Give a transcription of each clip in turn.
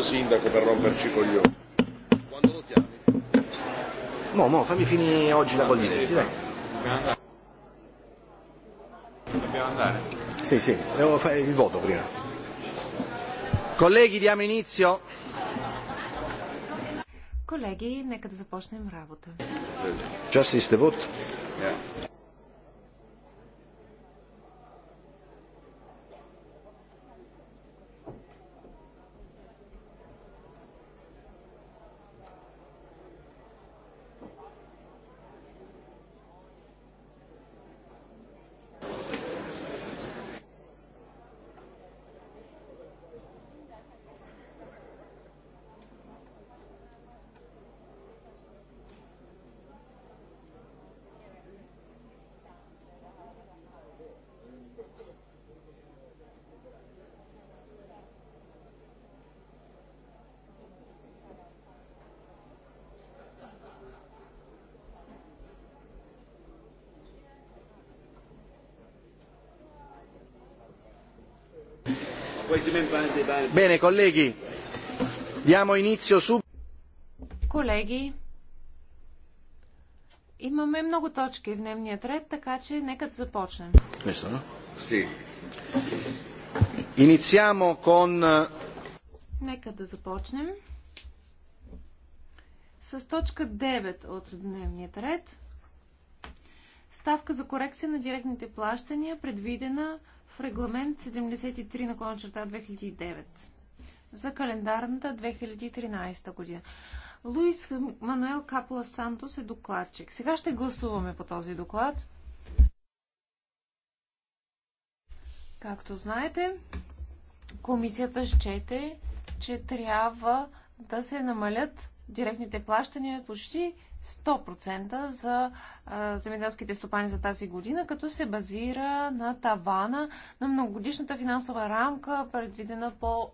sindaco per romperci i coglioni. Quando lo chiami? Mo, mo, fammi finire oggi la Coldiretti, dai. Dobbiamo andare. Dobbiamo andare. Sì, sì, devo fare il voto prima. Colleghi, diamo inizio. Colleghi, нека да започнем работа. Justice the vote. Yeah. Bene, colleghi, diamo inizio Колеги, имаме много точки в дневния ред, така че нека да започнем. Iniziamo con... Е, нека да започнем с точка 9 от дневния ред. Ставка за корекция на директните плащания, предвидена в регламент 73 на черта 2009 за календарната 2013 година. Луис Мануел Капла Сантос е докладчик. Сега ще гласуваме по този доклад. Както знаете, комисията щете, че трябва да се намалят директните плащания почти 100% за земеделските стопани за тази година, като се базира на тавана на многогодишната финансова рамка, предвидена по,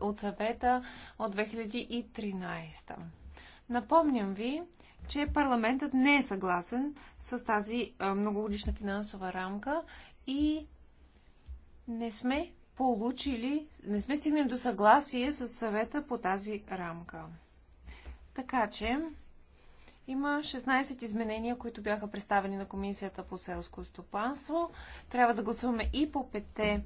от съвета от 2013. Напомням ви, че парламентът не е съгласен с тази многогодишна финансова рамка и не сме получили, не сме стигнали до съгласие с съвета по тази рамка. Така че има 16 изменения, които бяха представени на Комисията по селско стопанство. Трябва да гласуваме и по пете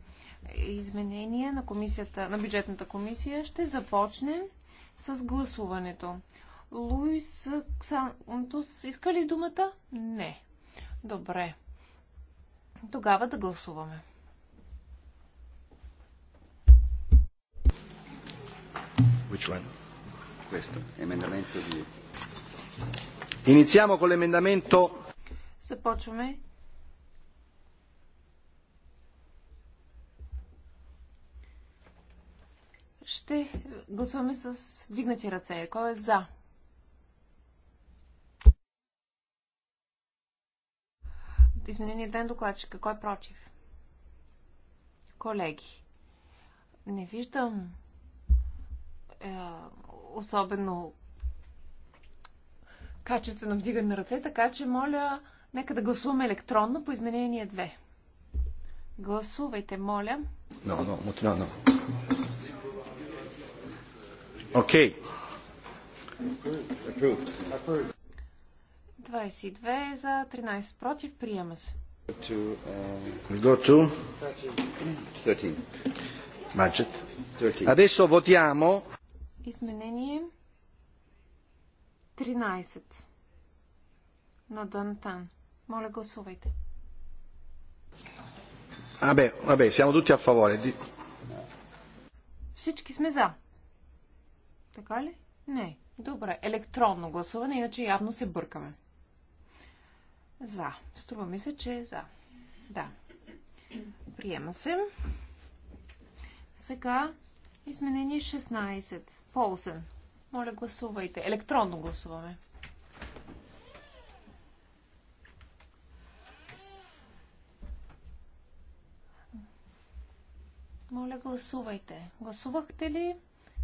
изменения на, комисията, на бюджетната комисия. Ще започнем с гласуването. Луис Ксантус, иска ли думата? Не. Добре. Тогава да гласуваме. Which one? questo emendamento di... Iniziamo con l'emendamento... Започваме Ще гласуваме с вдигнати ръце. Кой е за? Изменение ден докладчика. Кой е против? Колеги. Не виждам е, особено качествено вдигане на ръце, така че моля, нека да гласуваме електронно по изменение 2. Гласувайте, моля. Но, но, no, но. Окей. Okay. 22 за 13 против. Приема се. To, uh, go to 13. Budget. 13. Adesso votiamo. Изменение 13 на Дантан. Моля, гласувайте. Абе, абе, сега tutti в фаворе. Всички сме за. Така ли? Не. Добре, електронно гласуване, иначе явно се бъркаме. За. Струва ми се, че е за. Да. Приема се. Сега изменение 16. Полсен. Моля, гласувайте. Електронно гласуваме. Моля, гласувайте. Гласувахте ли?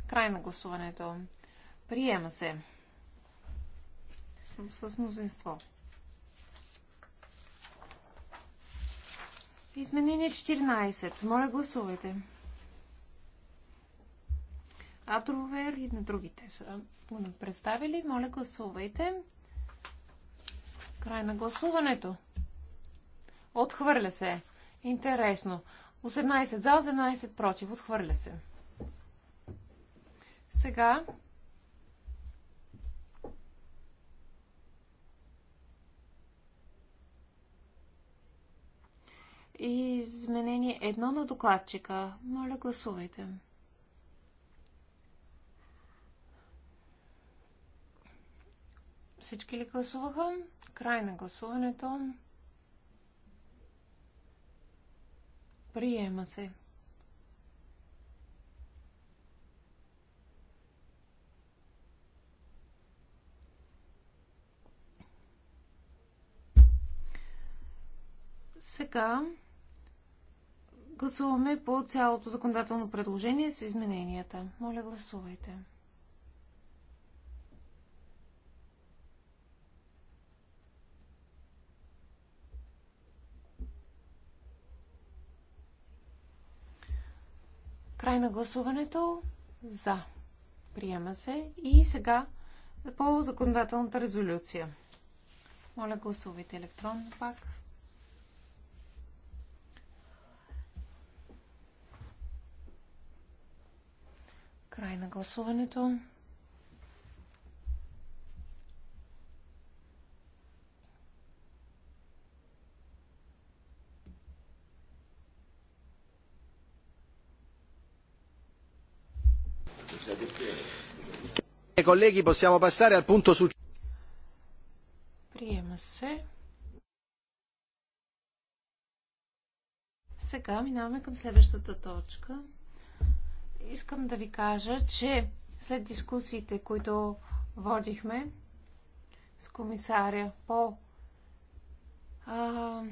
Край на гласуването. Приема се. С, с мнозинство. Изменение 14. Моля, гласувайте. Атровер и на другите са го представили. Моля, гласувайте. Край на гласуването. Отхвърля се. Интересно. 18 за, 18 против. Отхвърля се. Сега изменение едно на докладчика. Моля, гласувайте. Всички ли гласуваха? Край на гласуването. Приема се. Сега гласуваме по цялото законодателно предложение с измененията. Моля, гласувайте. Край на гласуването. За. Приема се. И сега по законодателната резолюция. Моля, гласувайте електронно пак. Край на гласуването. Колеги, possiamo passare al punto successivo. Приема се. Сега минаваме към следващата точка. Искам да ви кажа, че след дискусиите, които водихме с комисаря по а,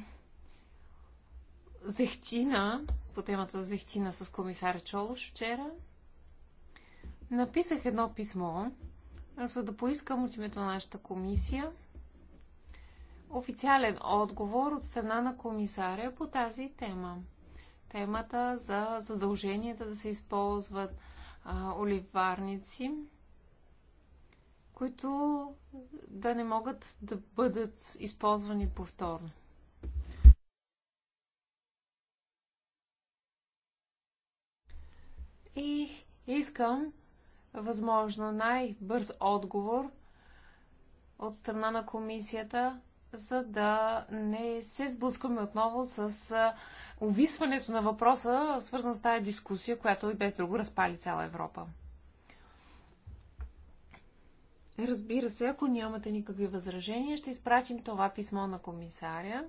зехтина, по темата за зехтина с комисаря Чолош вчера, Написах едно писмо, за да поискам от името на нашата комисия официален отговор от страна на комисаря по тази тема. Темата за задълженията да се използват а, оливарници, които да не могат да бъдат използвани повторно. И искам възможно най-бърз отговор от страна на комисията, за да не се сблъскваме отново с увисването на въпроса, свързан с тази дискусия, която и без друго разпали цяла Европа. Разбира се, ако нямате никакви възражения, ще изпратим това писмо на комисаря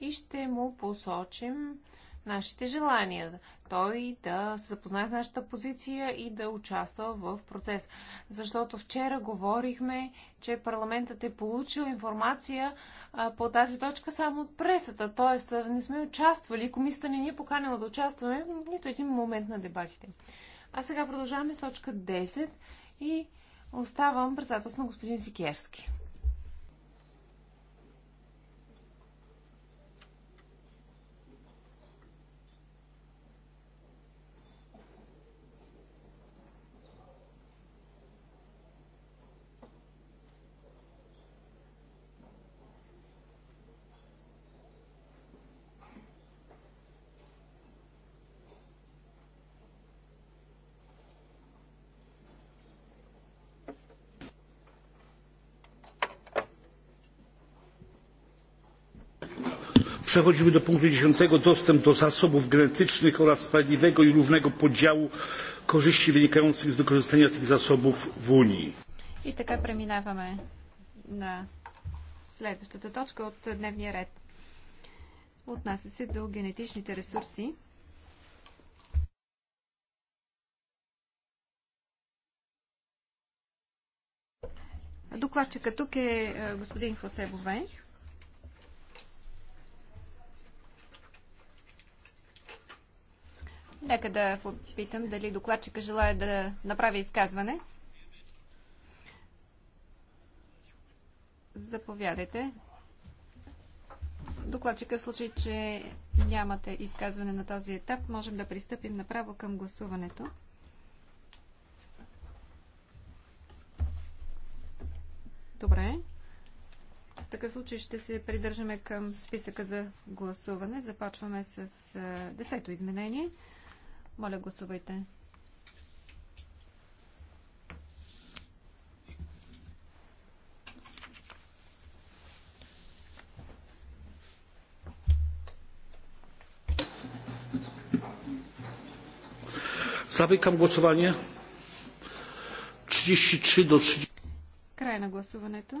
и ще му посочим нашите желания. Той да се запознае с нашата позиция и да участва в процес. Защото вчера говорихме, че парламентът е получил информация а, по тази точка само от пресата. Тоест, не сме участвали. Комисията не ни е поканила да участваме в нито един момент на дебатите. А сега продължаваме с точка 10 и оставам председателство на господин Сикерски. Przechodzimy do punktu dziesięć Dostęp do zasobów genetycznych oraz sprawiedliwego i równego podziału korzyści wynikających z wykorzystania tych zasobów w Unii. така преминаваме на следващата точка от дневния ред. Отнася се до генетичните ресурси. тук е господин Нека да попитам дали докладчика желая да направи изказване. Заповядайте. Докладчика, в случай, че нямате изказване на този етап, можем да пристъпим направо към гласуването. Добре. В такъв случай ще се придържаме към списъка за гласуване. Започваме с 10-то изменение. Моля, гласувайте. Zamykam głosowanie. 33 do 30. Край на гласуването.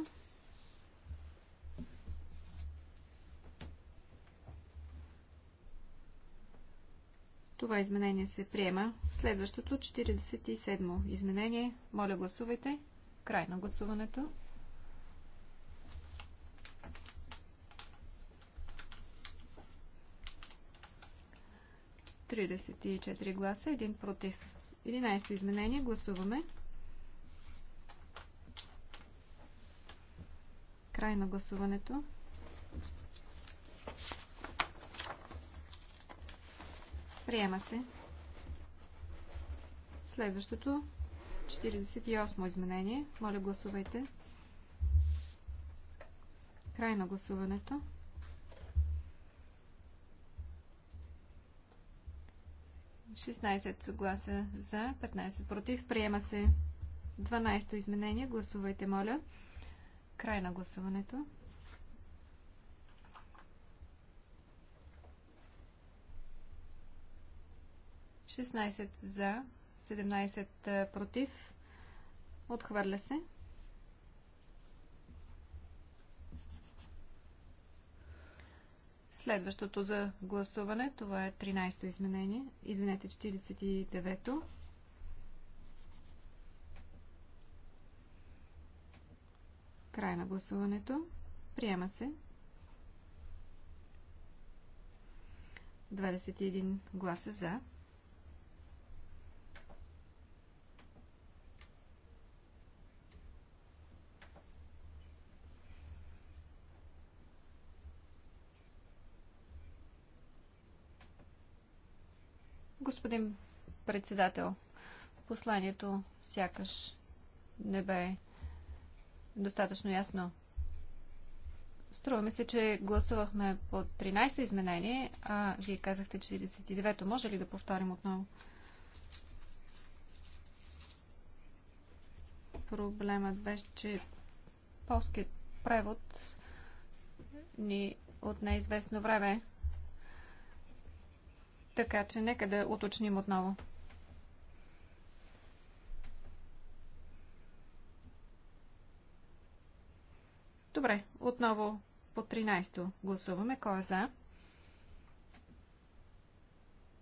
Това изменение се приема. Следващото, 47-мо изменение. Моля, гласувайте. Край на гласуването. Тридесет и четири гласа, един против. Единайсто изменение. Гласуваме. Край на гласуването. Приема се. Следващото 48 изменение. Моля гласувайте. Край на гласуването. Шестнайсет гласа за, 15 против. Приема се 12 то изменение. Гласувайте, моля. Край на гласуването. 16 за, 17 против. Отхвърля се. Следващото за гласуване, това е 13-то изменение. Извинете, 49-то. Край на гласуването. Приема се. 21 гласа за. господин председател. Посланието сякаш не бе достатъчно ясно. Струва ми се, че гласувахме по 13-то изменение, а вие казахте 49-то. Може ли да повторим отново? Проблемът беше, че полският превод ни от неизвестно време така че нека да уточним отново. Добре, отново по 13-то гласуваме. Кой е за?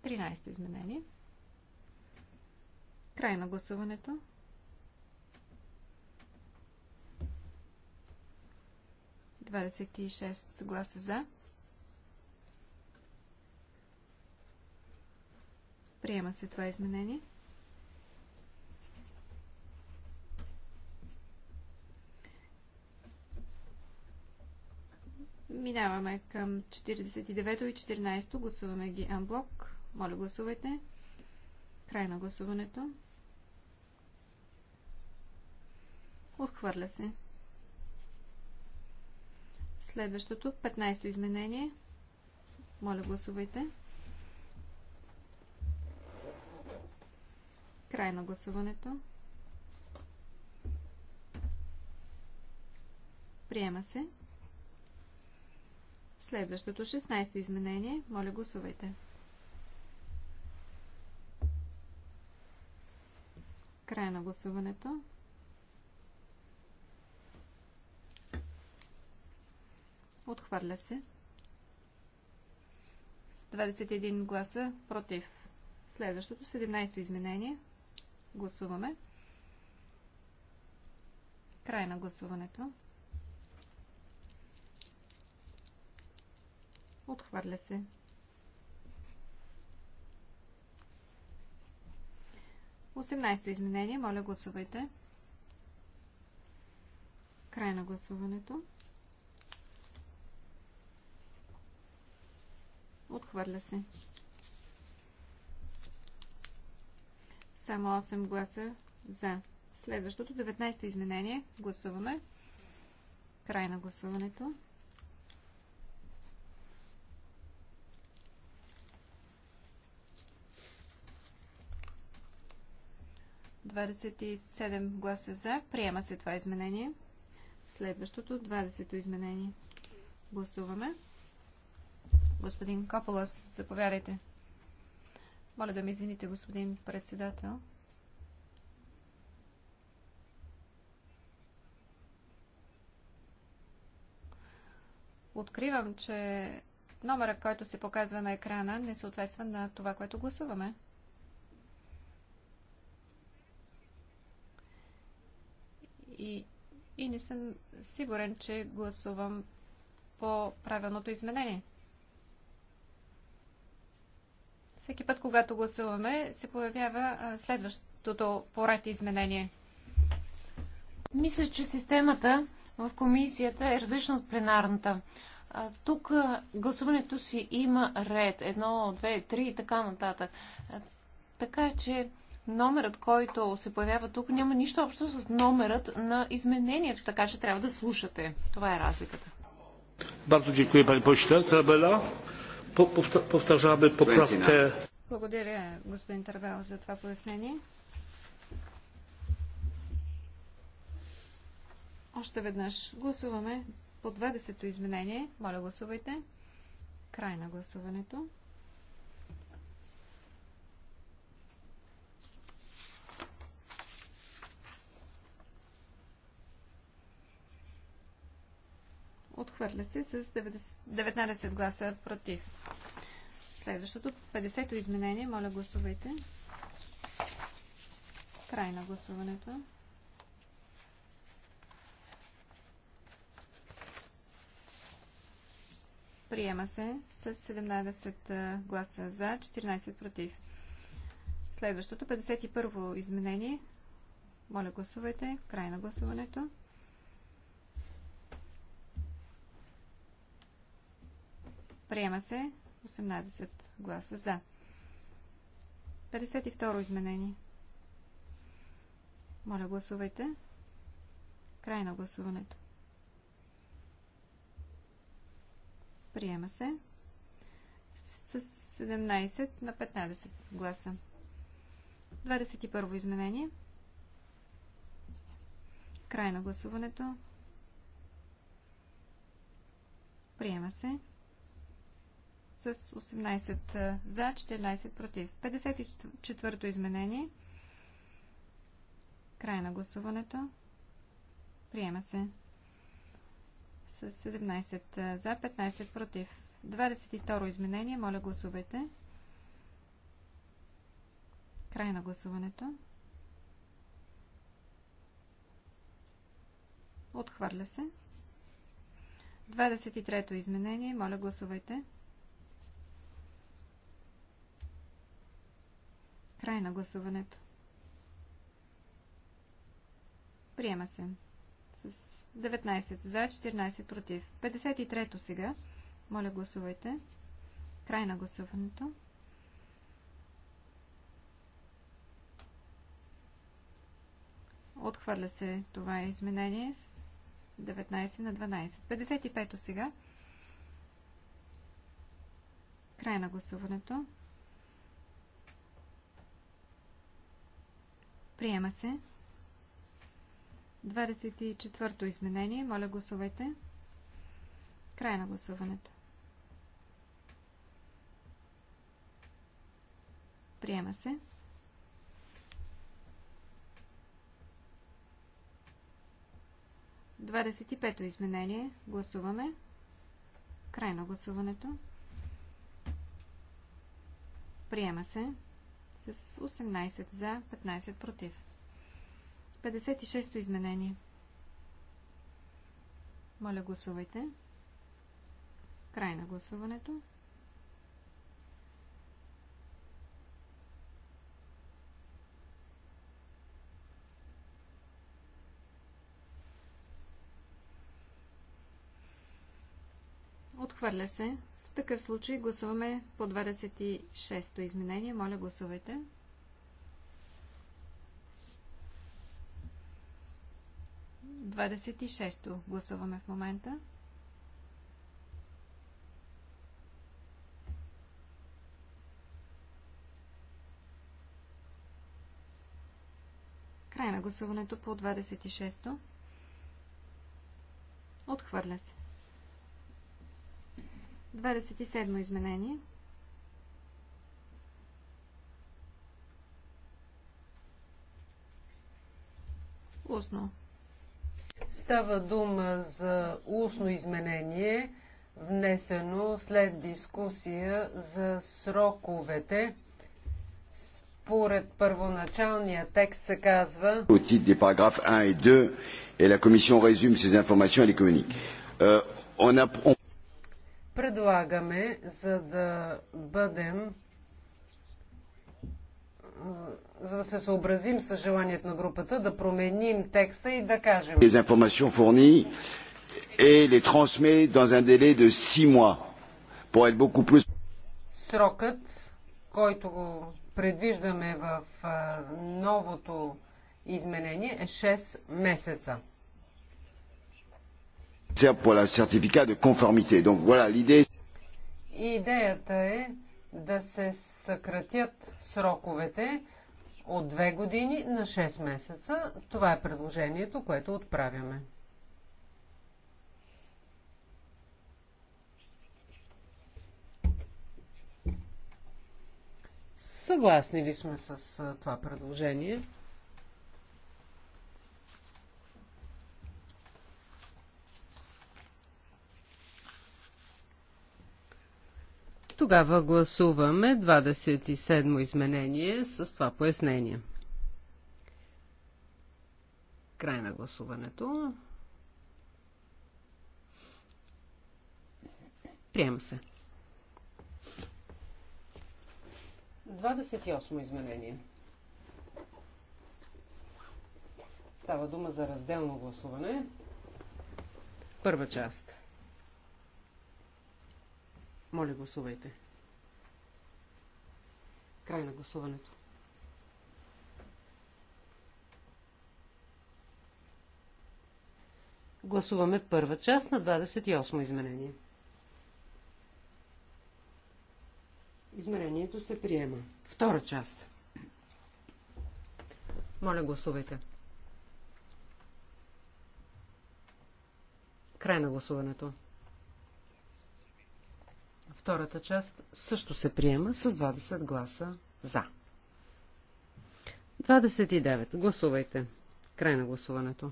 13-то изменение. Край на гласуването. Двадесет и шест гласа за. Приема се това изменение. Минаваме към 49 и 14. Гласуваме ги анблок. Моля, гласувайте. Край на гласуването. Отхвърля се. Следващото, 15-то изменение. Моля, гласувайте. Край на гласуването. Приема се. Следващото 16-то изменение. Моля, гласувайте. Край на гласуването. Отхвърля се. С 21 гласа против. Следващото 17-то изменение. Гласуваме. Край на гласуването. Отхвърля се. Осемнайсто изменение. Моля, гласувайте. Край на гласуването. Отхвърля се. Само 8 гласа за. Следващото, 19-то изменение. Гласуваме. Край на гласуването. Двадесет и седем гласа за. Приема се това изменение. Следващото, 20-то изменение. Гласуваме. Господин Кополос, заповядайте. Моля да ме извините, господин председател. Откривам, че номера, който се показва на екрана, не съответства на това, което гласуваме. И, и не съм сигурен, че гласувам по правилното изменение. Всеки път, когато гласуваме, се появява следващото поред изменение. Мисля, че системата в комисията е различна от пленарната. тук гласуването си има ред. Едно, две, три и така нататък. така че номерът, който се появява тук, няма нищо общо с номерът на изменението, така че трябва да слушате. Това е разликата. Бързо, дякую Pani Pośle. Повтажаваме поправка. Благодаря, господин Тървел, за това пояснение. Още веднъж гласуваме по 20-то изменение. Моля, гласувайте. Край на гласуването. Отхвърля се с 90, 19 гласа против. Следващото, 50-то изменение. Моля, гласувайте. Край на гласуването. Приема се с 17 гласа за, 14 против. Следващото, 51-во изменение. Моля, гласувайте. Край на гласуването. Приема се 18 гласа за. 52 изменение. Моля, гласувайте. Край на гласуването. Приема се с 17 на 15 гласа. 21 изменение. Край на гласуването. Приема се с 18 за, 14 против. 54-то изменение. Край на гласуването. Приема се с 17 за, 15 против. 22-ро изменение. Моля гласувайте. Край на гласуването. Отхвърля се. 23-то изменение. Моля гласувайте. Край на гласуването. Приема се. С 19 за, 14 против. 53-то сега. Моля, гласувайте. Край на гласуването. Отхвърля се това изменение с 19 на 12. 55-то сега. Край на гласуването. Приема се. 24-то изменение. Моля, гласувайте. Край на гласуването. Приема се. Двадесет и пето изменение. Гласуваме. Край на гласуването. Приема се с 18 за, 15 против. 56-то изменение. Моля, гласувайте. Край на гласуването. Отхвърля се в такъв случай гласуваме по 26-то изменение. Моля, гласувайте. Двадесет и шесто гласуваме в момента. Край на гласуването по 26-то. Отхвърля се. 27 изменение. Устно. Става дума за устно изменение, внесено след дискусия за сроковете. Според първоначалния текст се казва Au titre des 1 и 2, и la commission résume ces informations et les communique. Euh, on a, on предлагаме, за да бъдем за да се съобразим с желанието на групата, да променим текста и да кажем. Les informations fournies et les transmet dans un délai de 6 mois pour être beaucoup plus Срокът, който го предвиждаме в новото изменение е 6 месеца pour le certificat de conformité. Donc voilà l'idée. Идеята е да се съкратят сроковете от 2 години на 6 месеца. Това е предложението, което отправяме. Съгласни ли сме с това предложение? Тогава гласуваме 27 изменение с това пояснение. Край на гласуването. Приема се. 28 изменение. Става дума за разделно гласуване. Първа част. Моля, гласувайте. Край на гласуването. Гласуваме първа част на 28 изменение. Измерението се приема. Втора част. Моля, гласувайте. Край на гласуването. Втората част също се приема с 20 гласа за. 29. Гласувайте. Край на гласуването.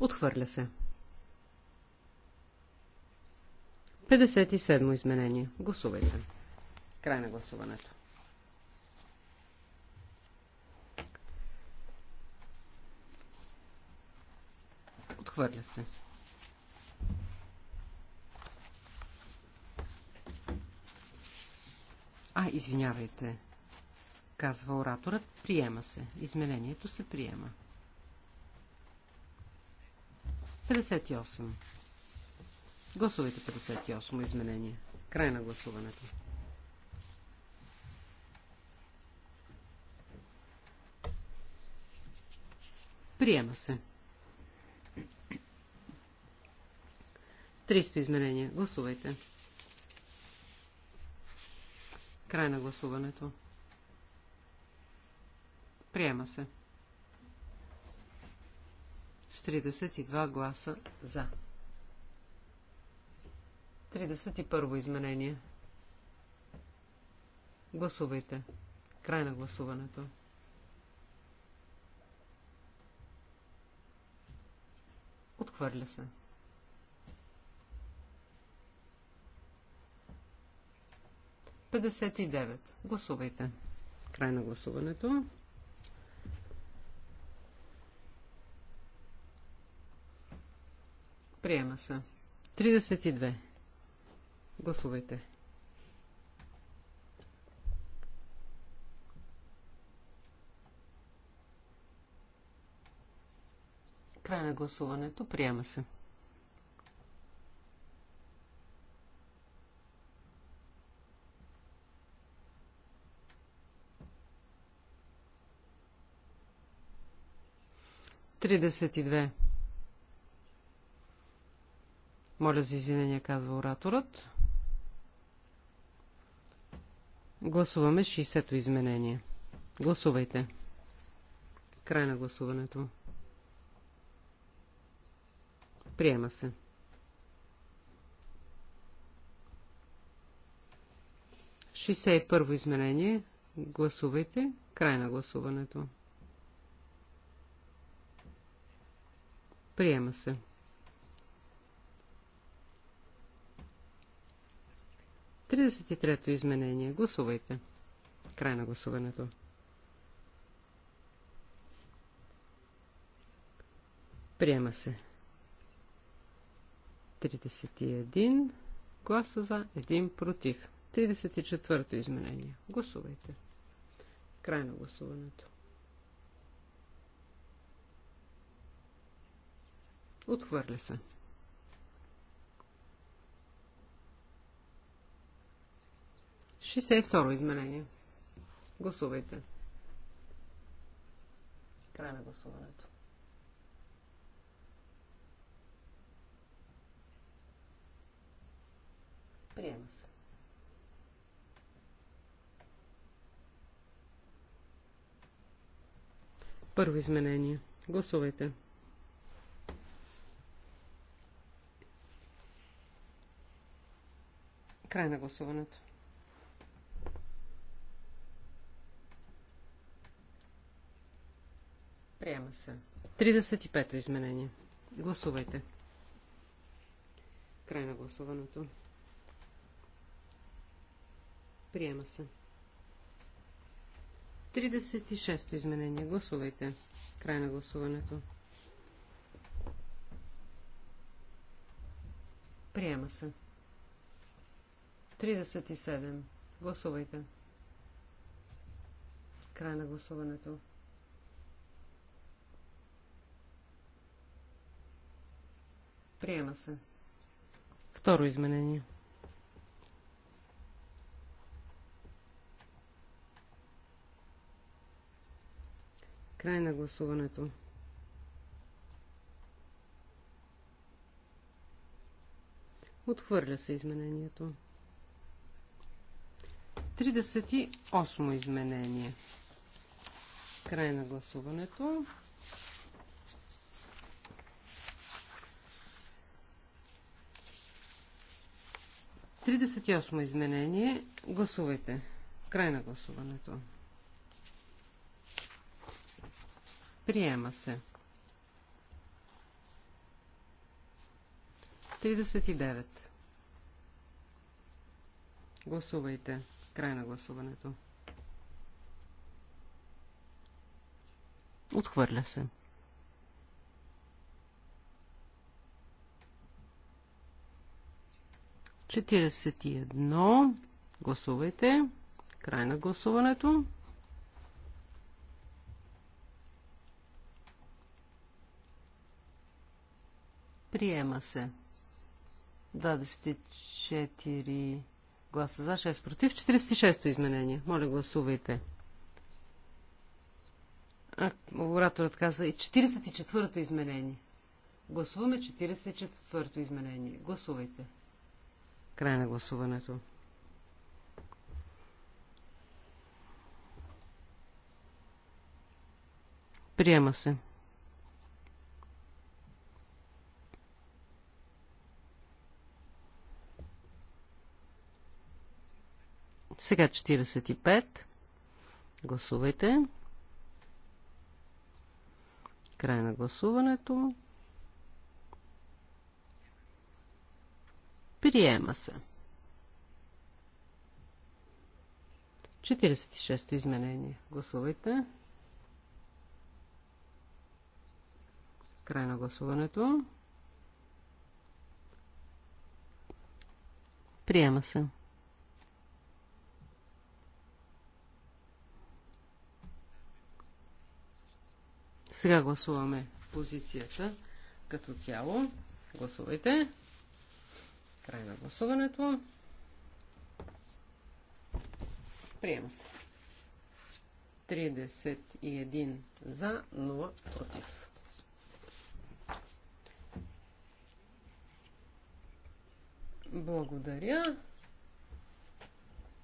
Отхвърля се. 57 изменение. Гласувайте. Край на гласуването. Отхвърля се. А, извинявайте, казва ораторът, приема се. Изменението се приема. 58. Гласувайте 58 изменение. Край на гласуването. Приема се. 300 изменения. Гласувайте. Край на гласуването. Приема се. С 32 гласа за. 31 изменение. Гласувайте. Край на гласуването. Отхвърля се. 59. Гласувайте. Край на гласуването. Приема се. 32. Гласувайте. Край на гласуването. Приема се. 32. Моля за извинение, казва ораторът. Гласуваме 60-то изменение. Гласувайте. Край на гласуването. Приема се. 61 първо изменение. Гласувайте. Край на гласуването. Приема се. Тридесет и трето изменение. Гласувайте. Край на гласуването. Приема се. 31 гласа за, 1 против. 34-то изменение. Гласувайте. Край на гласуването. Отхвърля се. второ изменение. Гласувайте. Край на гласуването. Приема се. Първо изменение. Гласувайте. Край на гласуването. Приема се. 35-то изменение. Гласувайте. Край на гласуването. Приема се. 36-то изменение. Гласувайте. Край на гласуването. Приема се. 37. Гласувайте. Край на гласуването. Приема се. Второ изменение. Край на гласуването. Отхвърля се изменението. 38 изменение. Край на гласуването. Тридесет и осмо изменение. Гласувайте. Край на гласуването. Приема се. 39. Гласувайте. Край на гласуването. Отхвърля се. Четиридесет и едно. Гласувайте. Край на гласуването. Приема се. четири гласа за, 6 против. 46-то изменение. Моля, гласувайте. А, ораторът казва и 44-то изменение. Гласуваме 44-то изменение. Гласувайте. Край на гласуването. Приема се. Сега 45. Гласувайте. Край на гласуването. Приема се. 46-то изменение. Гласувайте. Край на гласуването. Приема се. Сега гласуваме позицията като цяло. Гласувайте. Край на гласуването. Приема се. 31 за, 0 против. Благодаря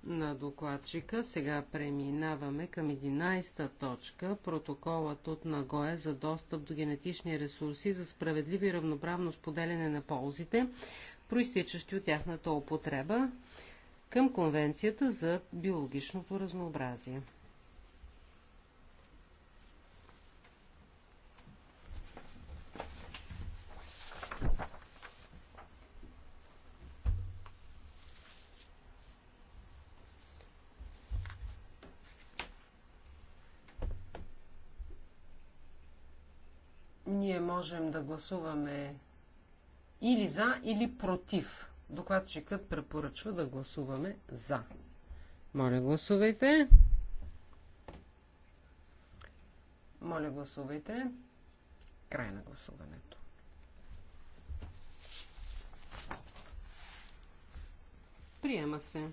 на докладчика. Сега преминаваме към 11-та точка. Протоколът от Нагоя за достъп до генетични ресурси за справедливо и равноправно споделяне на ползите, проистичащи от тяхната употреба към Конвенцията за биологичното разнообразие. можем да гласуваме или за, или против. Докладчикът препоръчва да гласуваме за. Моля, гласувайте. Моля, гласувайте. Край на гласуването. Приема се.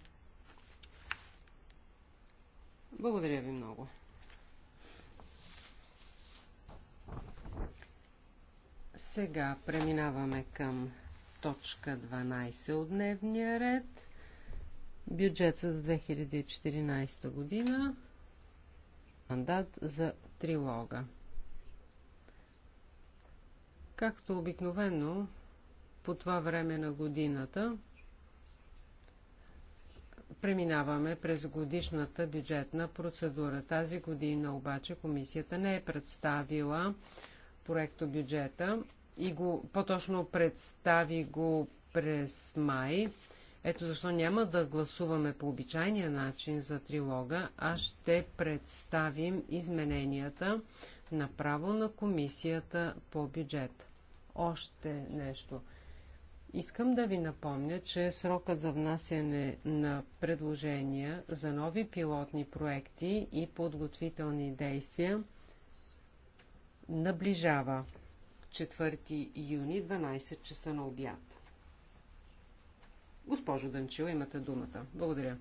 Благодаря ви много. Сега преминаваме към точка 12 от дневния ред. Бюджет за 2014 година. Мандат за трилога. Както обикновено, по това време на годината преминаваме през годишната бюджетна процедура. Тази година обаче комисията не е представила проекто бюджета и го по-точно представи го през май. Ето защо няма да гласуваме по обичайния начин за трилога, а ще представим измененията направо на комисията по бюджет. Още нещо. Искам да ви напомня, че срокът за внасяне на предложения за нови пилотни проекти и подготвителни действия – наближава. 4 юни, 12 часа на обяд. Госпожо Дънчил, имате думата. Благодаря.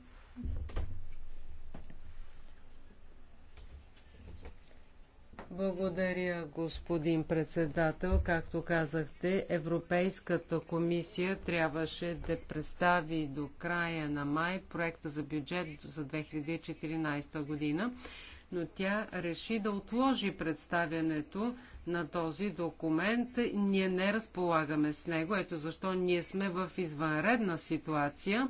Благодаря, господин председател. Както казахте, Европейската комисия трябваше да представи до края на май проекта за бюджет за 2014 година но тя реши да отложи представянето на този документ. Ние не разполагаме с него, ето защо ние сме в извънредна ситуация,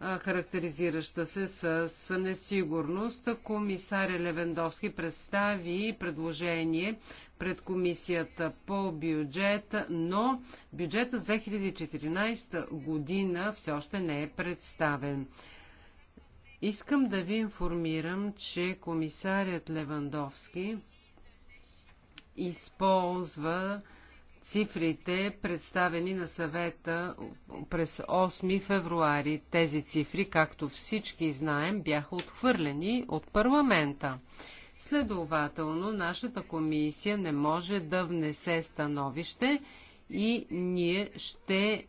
характеризираща се с несигурност. Комисаря Левендовски представи предложение пред комисията по бюджет, но бюджета за 2014 година все още не е представен. Искам да ви информирам, че комисарят Левандовски използва цифрите, представени на съвета през 8 февруари. Тези цифри, както всички знаем, бяха отхвърлени от парламента. Следователно, нашата комисия не може да внесе становище и ние ще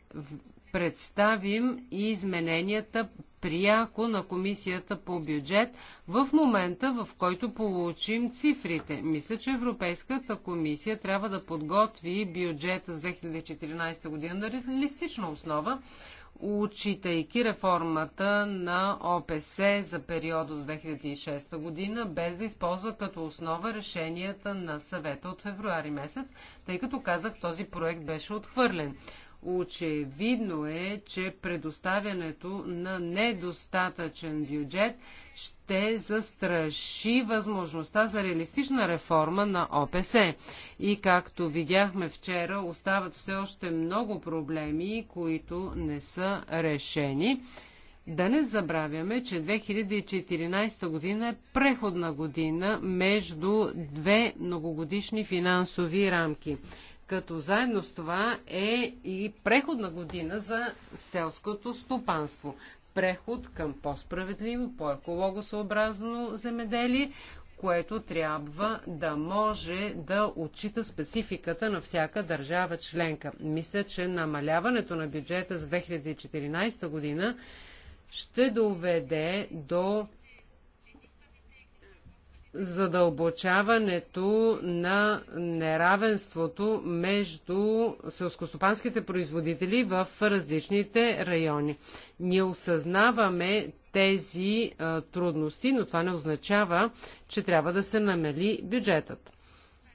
представим и измененията пряко на комисията по бюджет в момента, в който получим цифрите. Мисля, че Европейската комисия трябва да подготви бюджета с 2014 година на реалистична основа, учитайки реформата на ОПС за периода от 2006 година, без да използва като основа решенията на съвета от февруари месец, тъй като казах, този проект беше отхвърлен. Очевидно е, че предоставянето на недостатъчен бюджет ще застраши възможността за реалистична реформа на ОПС. И както видяхме вчера, остават все още много проблеми, които не са решени. Да не забравяме, че 2014 година е преходна година между две многогодишни финансови рамки като заедно с това е и преходна година за селското стопанство. Преход към по-справедливо, по-екологосъобразно земеделие, което трябва да може да отчита спецификата на всяка държава членка. Мисля, че намаляването на бюджета за 2014 година ще доведе до задълбочаването на неравенството между селскостопанските производители в различните райони. Ние осъзнаваме тези а, трудности, но това не означава, че трябва да се намели бюджетът.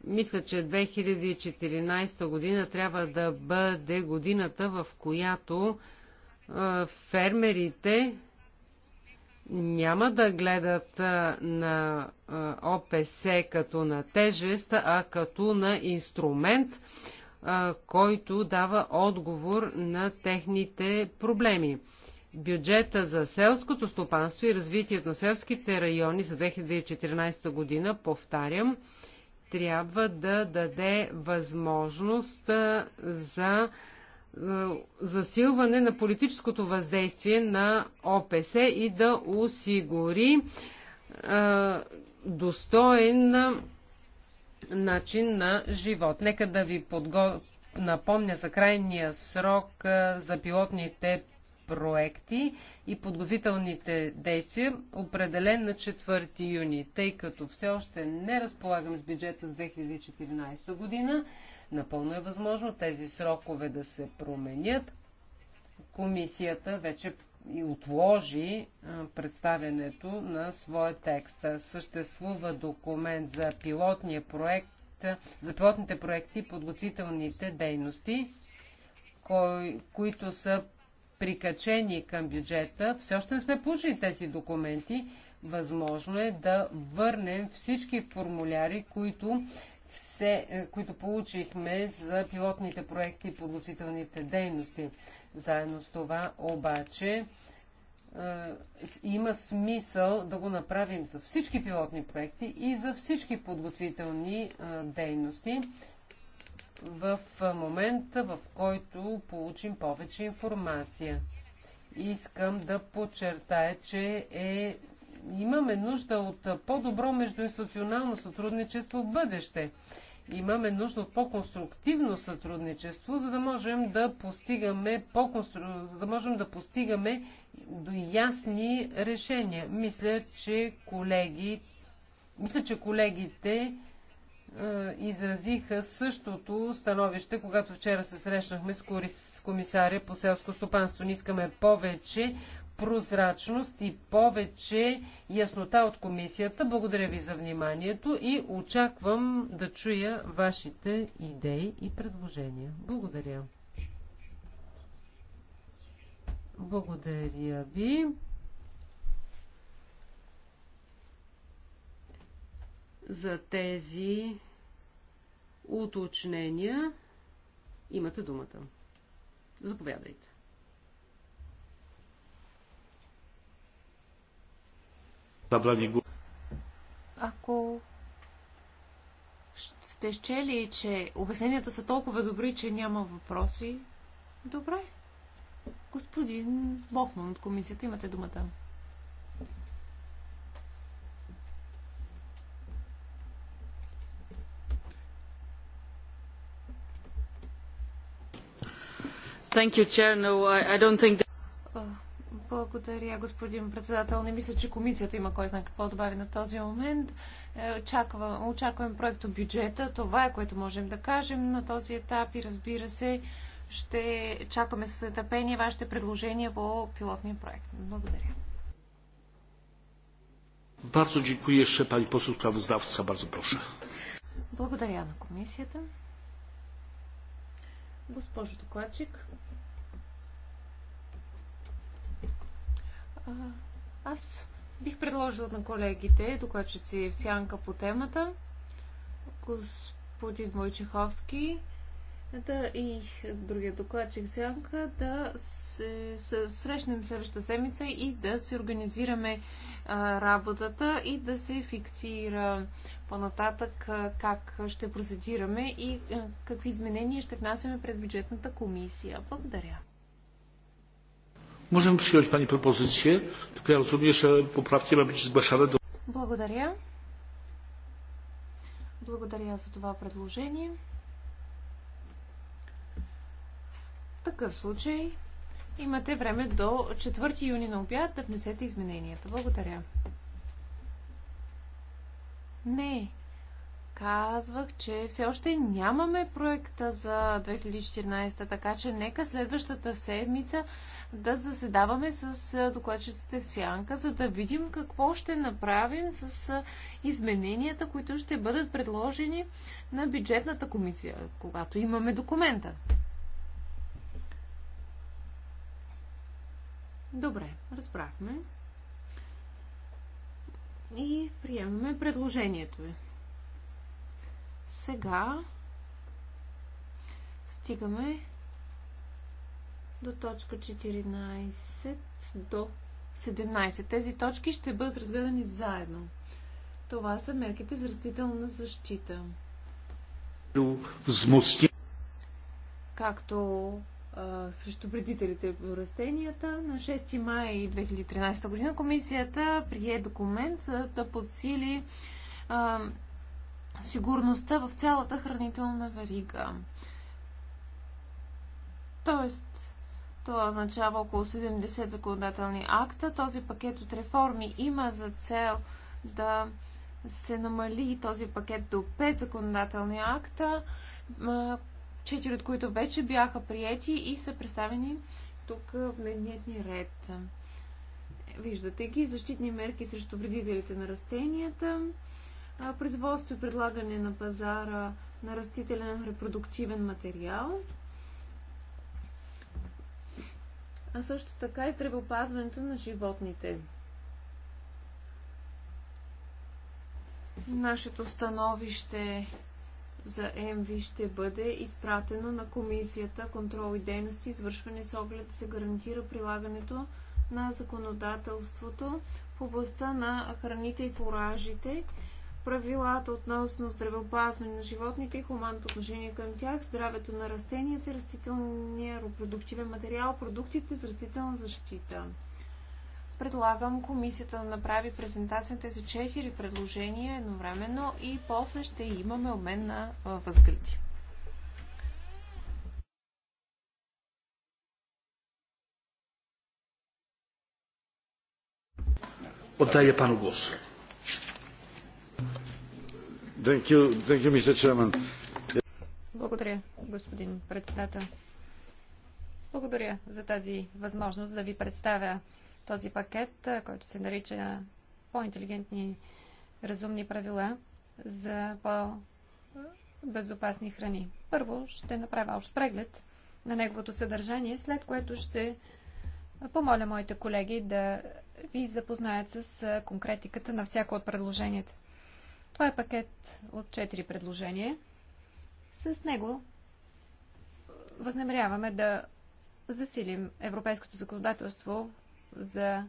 Мисля, че 2014 година трябва да бъде годината, в която а, фермерите няма да гледат на ОПС като на тежест, а като на инструмент, който дава отговор на техните проблеми. Бюджета за селското стопанство и развитието на селските райони за 2014 година, повтарям, трябва да даде възможност за е, засилване на политическото въздействие на ОПС и да осигури е, достоен начин на живот. Нека да ви подго... напомня за крайния срок е, за пилотните проекти и подготвителните действия, определен на 4 юни, тъй като все още не разполагам с бюджета за 2014 година. Напълно е възможно тези срокове да се променят. Комисията вече и отложи представянето на своя текст. Съществува документ за пилотния проект, за пилотните проекти, подготвителните дейности, кои, които са прикачени към бюджета. Все още не сме получили тези документи. Възможно е да върнем всички формуляри, които все, е, които получихме за пилотните проекти и подготвителните дейности. Заедно с това обаче е, има смисъл да го направим за всички пилотни проекти и за всички подготвителни е, дейности в момента, в който получим повече информация. Искам да подчертая, че е Имаме нужда от по-добро междуинституционално сътрудничество в бъдеще. Имаме нужда от по-конструктивно сътрудничество, за да можем да постигаме, по за да можем да постигаме до ясни решения. Мисля, че колеги, мисля, че колегите е, изразиха същото становище, когато вчера се срещнахме с комисаря по селско стопанство. Не искаме повече прозрачност и повече яснота от комисията. Благодаря ви за вниманието и очаквам да чуя вашите идеи и предложения. Благодаря. Благодаря ви. За тези уточнения имате думата. Заповядайте. zabranie го. Ако сте счели, че обясненията са толкова добри, че няма въпроси, добре. Господин Бохман от комисията, имате думата. Thank you, Chair. No, I, I don't think that... Благодаря, господин председател. Не мисля, че комисията има кой знае какво добави на този момент. Е, очакваме очаквам проекто бюджета. Това е, което можем да кажем на този етап и разбира се, ще чакаме с нетърпение вашите предложения по пилотния проект. Благодаря. Bardzo dziękuję jeszcze pani poseł sprawozdawca. Bardzo proszę. Благодаря на комисията. Госпожо докладчик. Аз бих предложила на колегите, докладчици в сянка по темата, господин Войчеховски да и другия докладчик сянка да се, срещнем следващата седмица и да се организираме а, работата и да се фиксира по-нататък как ще процедираме и а, какви изменения ще внасяме пред бюджетната комисия. Благодаря. Можем przyjąć Pani propozycję, tylko ja rozumiem, że poprawki ma być zgłaszane do... Благодаря. Благодаря за това предложение. В такъв случай имате време до 4 юни на обяд да внесете измененията. Благодаря. Не, казвах, че все още нямаме проекта за 2014, така че нека следващата седмица да заседаваме с докладчиците в Сянка, за да видим какво ще направим с измененията, които ще бъдат предложени на бюджетната комисия, когато имаме документа. Добре, разбрахме. И приемаме предложението ви. Сега стигаме до точка 14 до 17. Тези точки ще бъдат разгледани заедно. Това са мерките за растителна защита. Както а, срещу вредителите в растенията, на 6 май 2013 година комисията прие документ за да подсили а, сигурността в цялата хранителна верига. Тоест, това означава около 70 законодателни акта. Този пакет от реформи има за цел да се намали този пакет до 5 законодателни акта, 4 от които вече бяха приети и са представени тук в дневният ни ред. Виждате ги защитни мерки срещу вредителите на растенията, производство и предлагане на пазара на растителен репродуктивен материал. А също така и здравеопазването на животните. Нашето становище за МВ ще бъде изпратено на Комисията контрол и дейности, извършване с оглед да се гарантира прилагането на законодателството в областта на храните и фуражите правилата относно здравеопазване на животните и хуманното отношение към тях, здравето на растенията и растителния репродуктивен материал, продуктите за растителна защита. Предлагам комисията да направи презентация на тези четири предложения едновременно и после ще имаме обмен на възгледи. Oddaję пану Госу. Благодаря, господин председател. Благодаря за тази възможност да ви представя този пакет, който се нарича по-интелигентни разумни правила за по-безопасни храни. Първо ще направя общ преглед на неговото съдържание, след което ще помоля моите колеги да ви запознаят с конкретиката на всяко от предложенията. Това е пакет от 4 предложения. С него възнамеряваме да засилим европейското законодателство за е,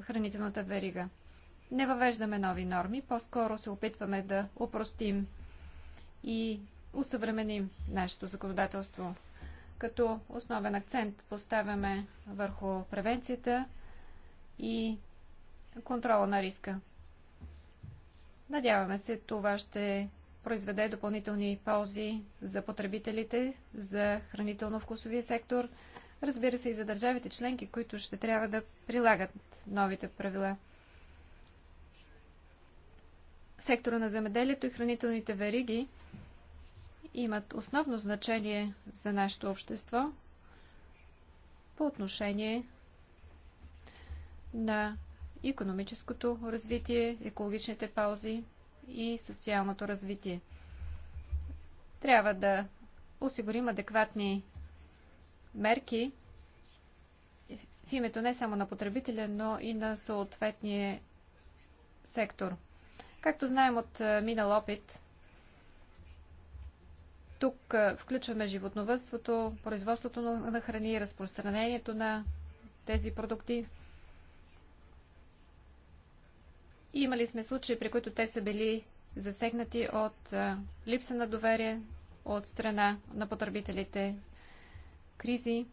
хранителната верига. Не въвеждаме нови норми, по-скоро се опитваме да упростим и усъвременим нашето законодателство. Като основен акцент поставяме върху превенцията и контрола на риска. Надяваме се, това ще произведе допълнителни ползи за потребителите, за хранително-вкусовия сектор, разбира се и за държавите членки, които ще трябва да прилагат новите правила. Сектора на земеделието и хранителните вериги имат основно значение за нашето общество по отношение на економическото развитие, екологичните паузи и социалното развитие. Трябва да осигурим адекватни мерки в името не само на потребителя, но и на съответния сектор. Както знаем от е, минал опит, тук е, включваме животновътството, производството на храни, разпространението на тези продукти – И имали сме случаи, при които те са били засегнати от липса на доверие от страна на потребителите, кризи,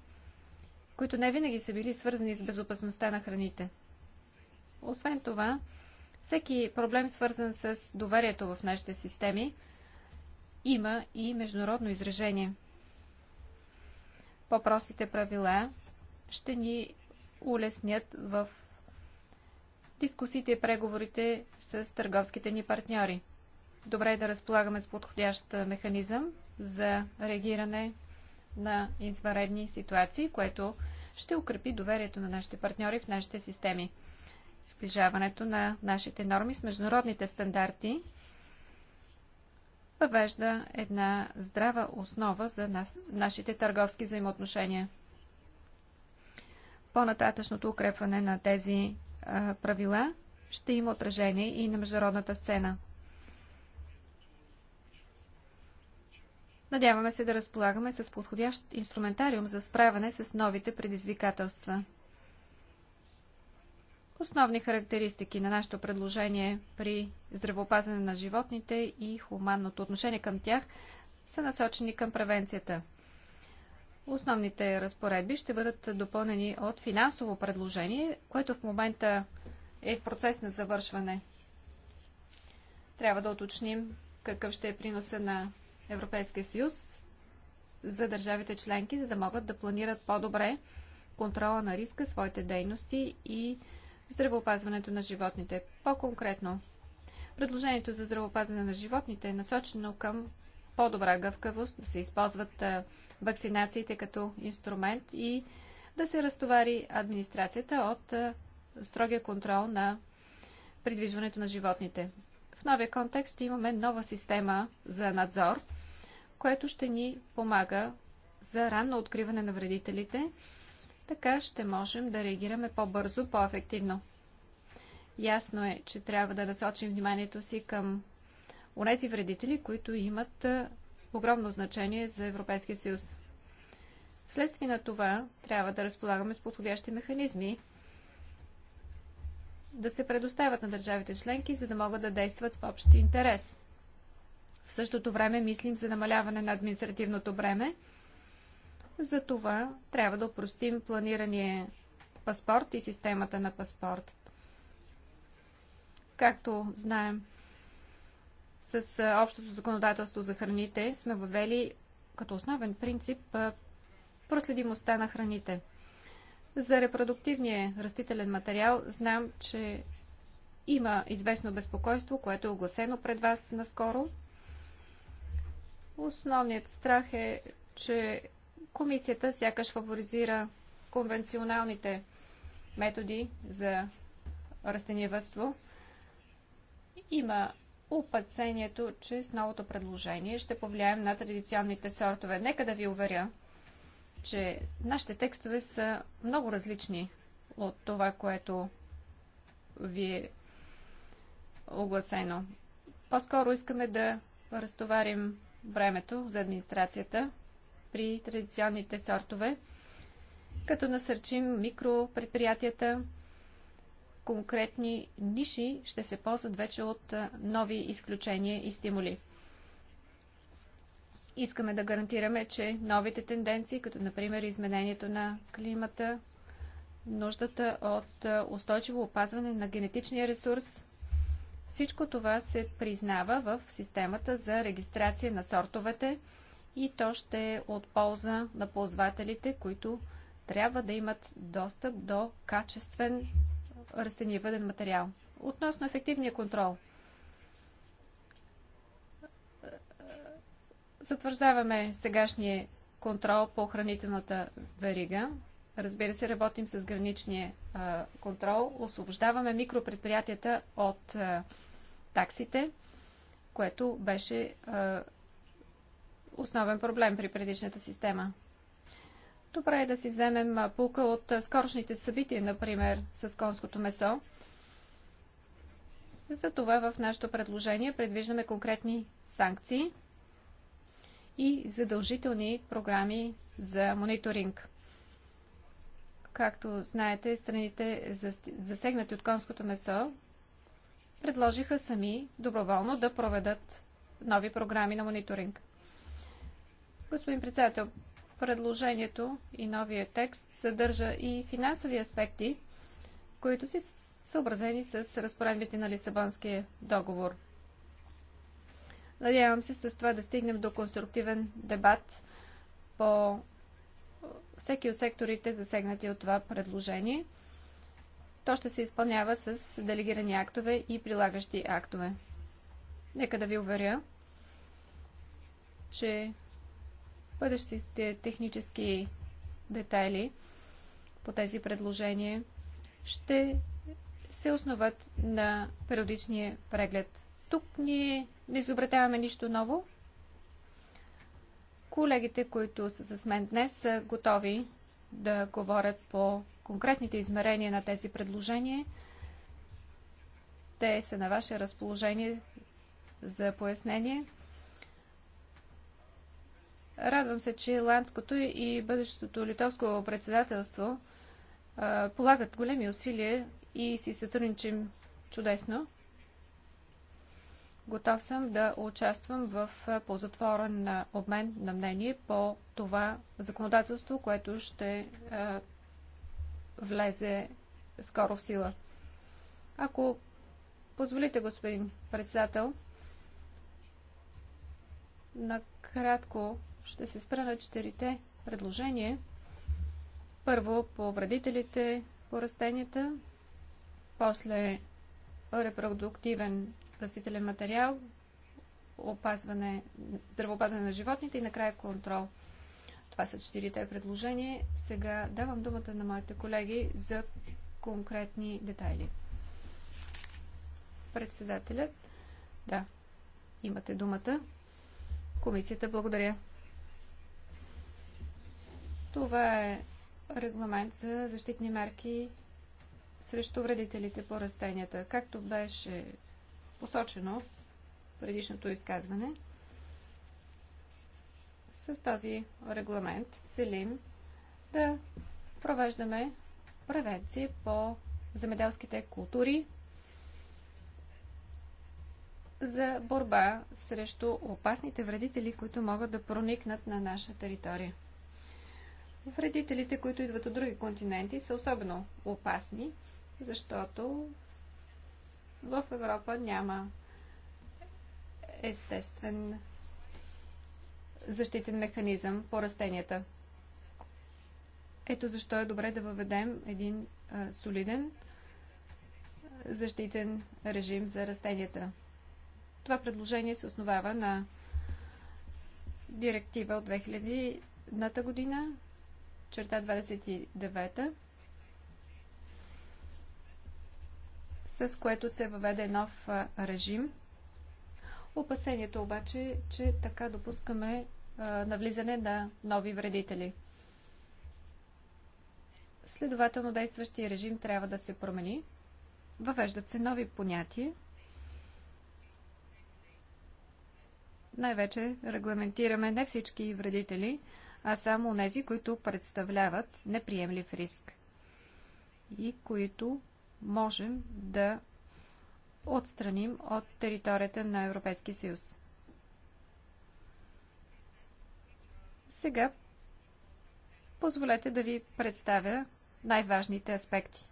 които не винаги са били свързани с безопасността на храните. Освен това, всеки проблем, свързан с доверието в нашите системи, има и международно изражение. По-простите правила ще ни улеснят в дискусиите и преговорите с търговските ни партньори. Добре е да разполагаме с подходящ механизъм за реагиране на извънредни ситуации, което ще укрепи доверието на нашите партньори в нашите системи. Сближаването на нашите норми с международните стандарти въвежда една здрава основа за нас, нашите търговски взаимоотношения. По-нататъчното укрепване на тези правила ще има отражение и на международната сцена. Надяваме се да разполагаме с подходящ инструментариум за справяне с новите предизвикателства. Основни характеристики на нашето предложение при здравеопазване на животните и хуманното отношение към тях са насочени към превенцията – Основните разпоредби ще бъдат допълнени от финансово предложение, което в момента е в процес на завършване. Трябва да уточним какъв ще е приноса на Европейския съюз за държавите членки, за да могат да планират по-добре контрола на риска, своите дейности и здравеопазването на животните. По-конкретно, предложението за здравеопазване на животните е насочено към по-добра гъвкавост, да се използват вакцинациите като инструмент и да се разтовари администрацията от строгия контрол на придвижването на животните. В новия контекст имаме нова система за надзор, което ще ни помага за ранно откриване на вредителите, така ще можем да реагираме по-бързо, по-ефективно. Ясно е, че трябва да насочим вниманието си към онези вредители, които имат огромно значение за Европейския съюз. Вследствие на това трябва да разполагаме с подходящи механизми да се предоставят на държавите членки, за да могат да действат в общ интерес. В същото време мислим за намаляване на административното бреме. За това трябва да упростим планирания паспорт и системата на паспорт. Както знаем, с общото законодателство за храните сме въвели като основен принцип проследимостта на храните. За репродуктивния растителен материал знам, че има известно безпокойство, което е огласено пред вас наскоро. Основният страх е, че комисията сякаш фаворизира конвенционалните методи за растениевътство. Има опасението, че с новото предложение ще повлияем на традиционните сортове. Нека да ви уверя, че нашите текстове са много различни от това, което ви е огласено. По-скоро искаме да разтоварим времето за администрацията при традиционните сортове, като насърчим микропредприятията, конкретни ниши ще се ползват вече от нови изключения и стимули. Искаме да гарантираме, че новите тенденции, като например изменението на климата, нуждата от устойчиво опазване на генетичния ресурс, всичко това се признава в системата за регистрация на сортовете и то ще е от полза на ползвателите, които трябва да имат достъп до качествен растениевъден материал. Относно ефективния контрол. Затвърждаваме сегашния контрол по хранителната верига. Разбира се, работим с граничния контрол. Освобождаваме микропредприятията от таксите, което беше основен проблем при предишната система. Добре е да си вземем пука от скорошните събития, например, с конското месо. Затова в нашето предложение предвиждаме конкретни санкции и задължителни програми за мониторинг. Както знаете, страните засегнати от конското месо предложиха сами доброволно да проведат нови програми на мониторинг. Господин председател, предложението и новия текст съдържа и финансови аспекти, които си съобразени с разпоредбите на Лисабонския договор. Надявам се с това да стигнем до конструктивен дебат по всеки от секторите, засегнати от това предложение. То ще се изпълнява с делегирани актове и прилагащи актове. Нека да ви уверя, че бъдещите технически детайли по тези предложения ще се основат на периодичния преглед. Тук ние не изобретяваме нищо ново. Колегите, които са с мен днес, са готови да говорят по конкретните измерения на тези предложения. Те са на ваше разположение за пояснение. Радвам се, че Ландското и бъдещото литовско председателство полагат големи усилия и си сътрудничим чудесно. Готов съм да участвам в ползотворен обмен на мнение по това законодателство, което ще влезе скоро в сила. Ако позволите, господин председател, накратко ще се спра на четирите предложения. Първо по вредителите по растенията, после репродуктивен растителен материал, опазване, здравеопазване на животните и накрая контрол. Това са четирите предложения. Сега давам думата на моите колеги за конкретни детайли. Председателят. Да, имате думата. Комисията, благодаря. Това е регламент за защитни мерки срещу вредителите по растенията. Както беше посочено в предишното изказване, с този регламент целим да провеждаме превенции по земеделските култури за борба срещу опасните вредители, които могат да проникнат на наша територия. Вредителите, които идват от други континенти, са особено опасни, защото в Европа няма естествен защитен механизъм по растенията. Ето защо е добре да въведем един а, солиден защитен режим за растенията. Това предложение се основава на директива от 2000-та година черта 29, с което се въведе нов режим. Опасението обаче, че така допускаме навлизане на нови вредители. Следователно действащия режим трябва да се промени. Въвеждат се нови понятия. Най-вече регламентираме не всички вредители, а само онези, които представляват неприемлив риск и които можем да отстраним от територията на Европейския съюз. Сега позволете да ви представя най-важните аспекти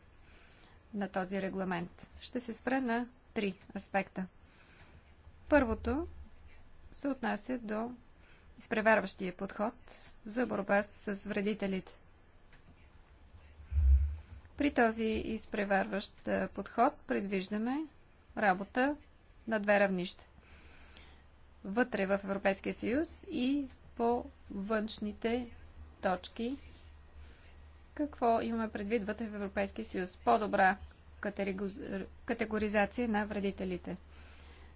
на този регламент. Ще се спре на три аспекта. Първото се отнася до изпреварващия подход за борба с вредителите. При този изпреварващ подход предвиждаме работа на две равнища. Вътре в Европейския съюз и по външните точки. Какво имаме предвид вътре в Европейския съюз? По-добра категоризация на вредителите –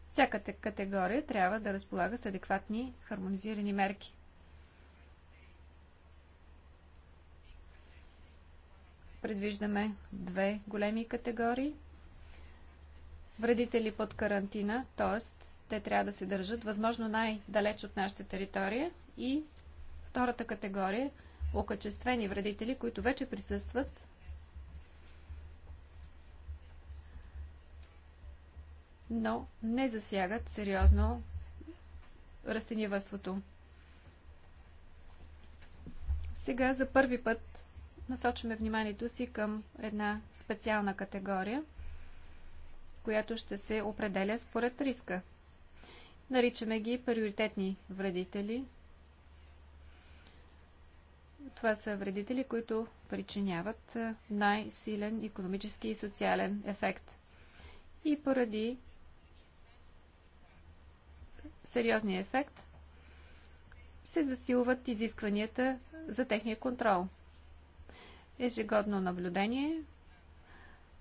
всяка категория трябва да разполага с адекватни хармонизирани мерки. Предвиждаме две големи категории. Вредители под карантина, т.е. те трябва да се държат възможно най-далеч от нашата територия и втората категория – окачествени вредители, които вече присъстват но не засягат сериозно растениевъството. Сега за първи път насочваме вниманието си към една специална категория, която ще се определя според риска. Наричаме ги приоритетни вредители. Това са вредители, които причиняват най-силен економически и социален ефект. И поради сериозния ефект, се засилват изискванията за техния контрол. Ежегодно наблюдение,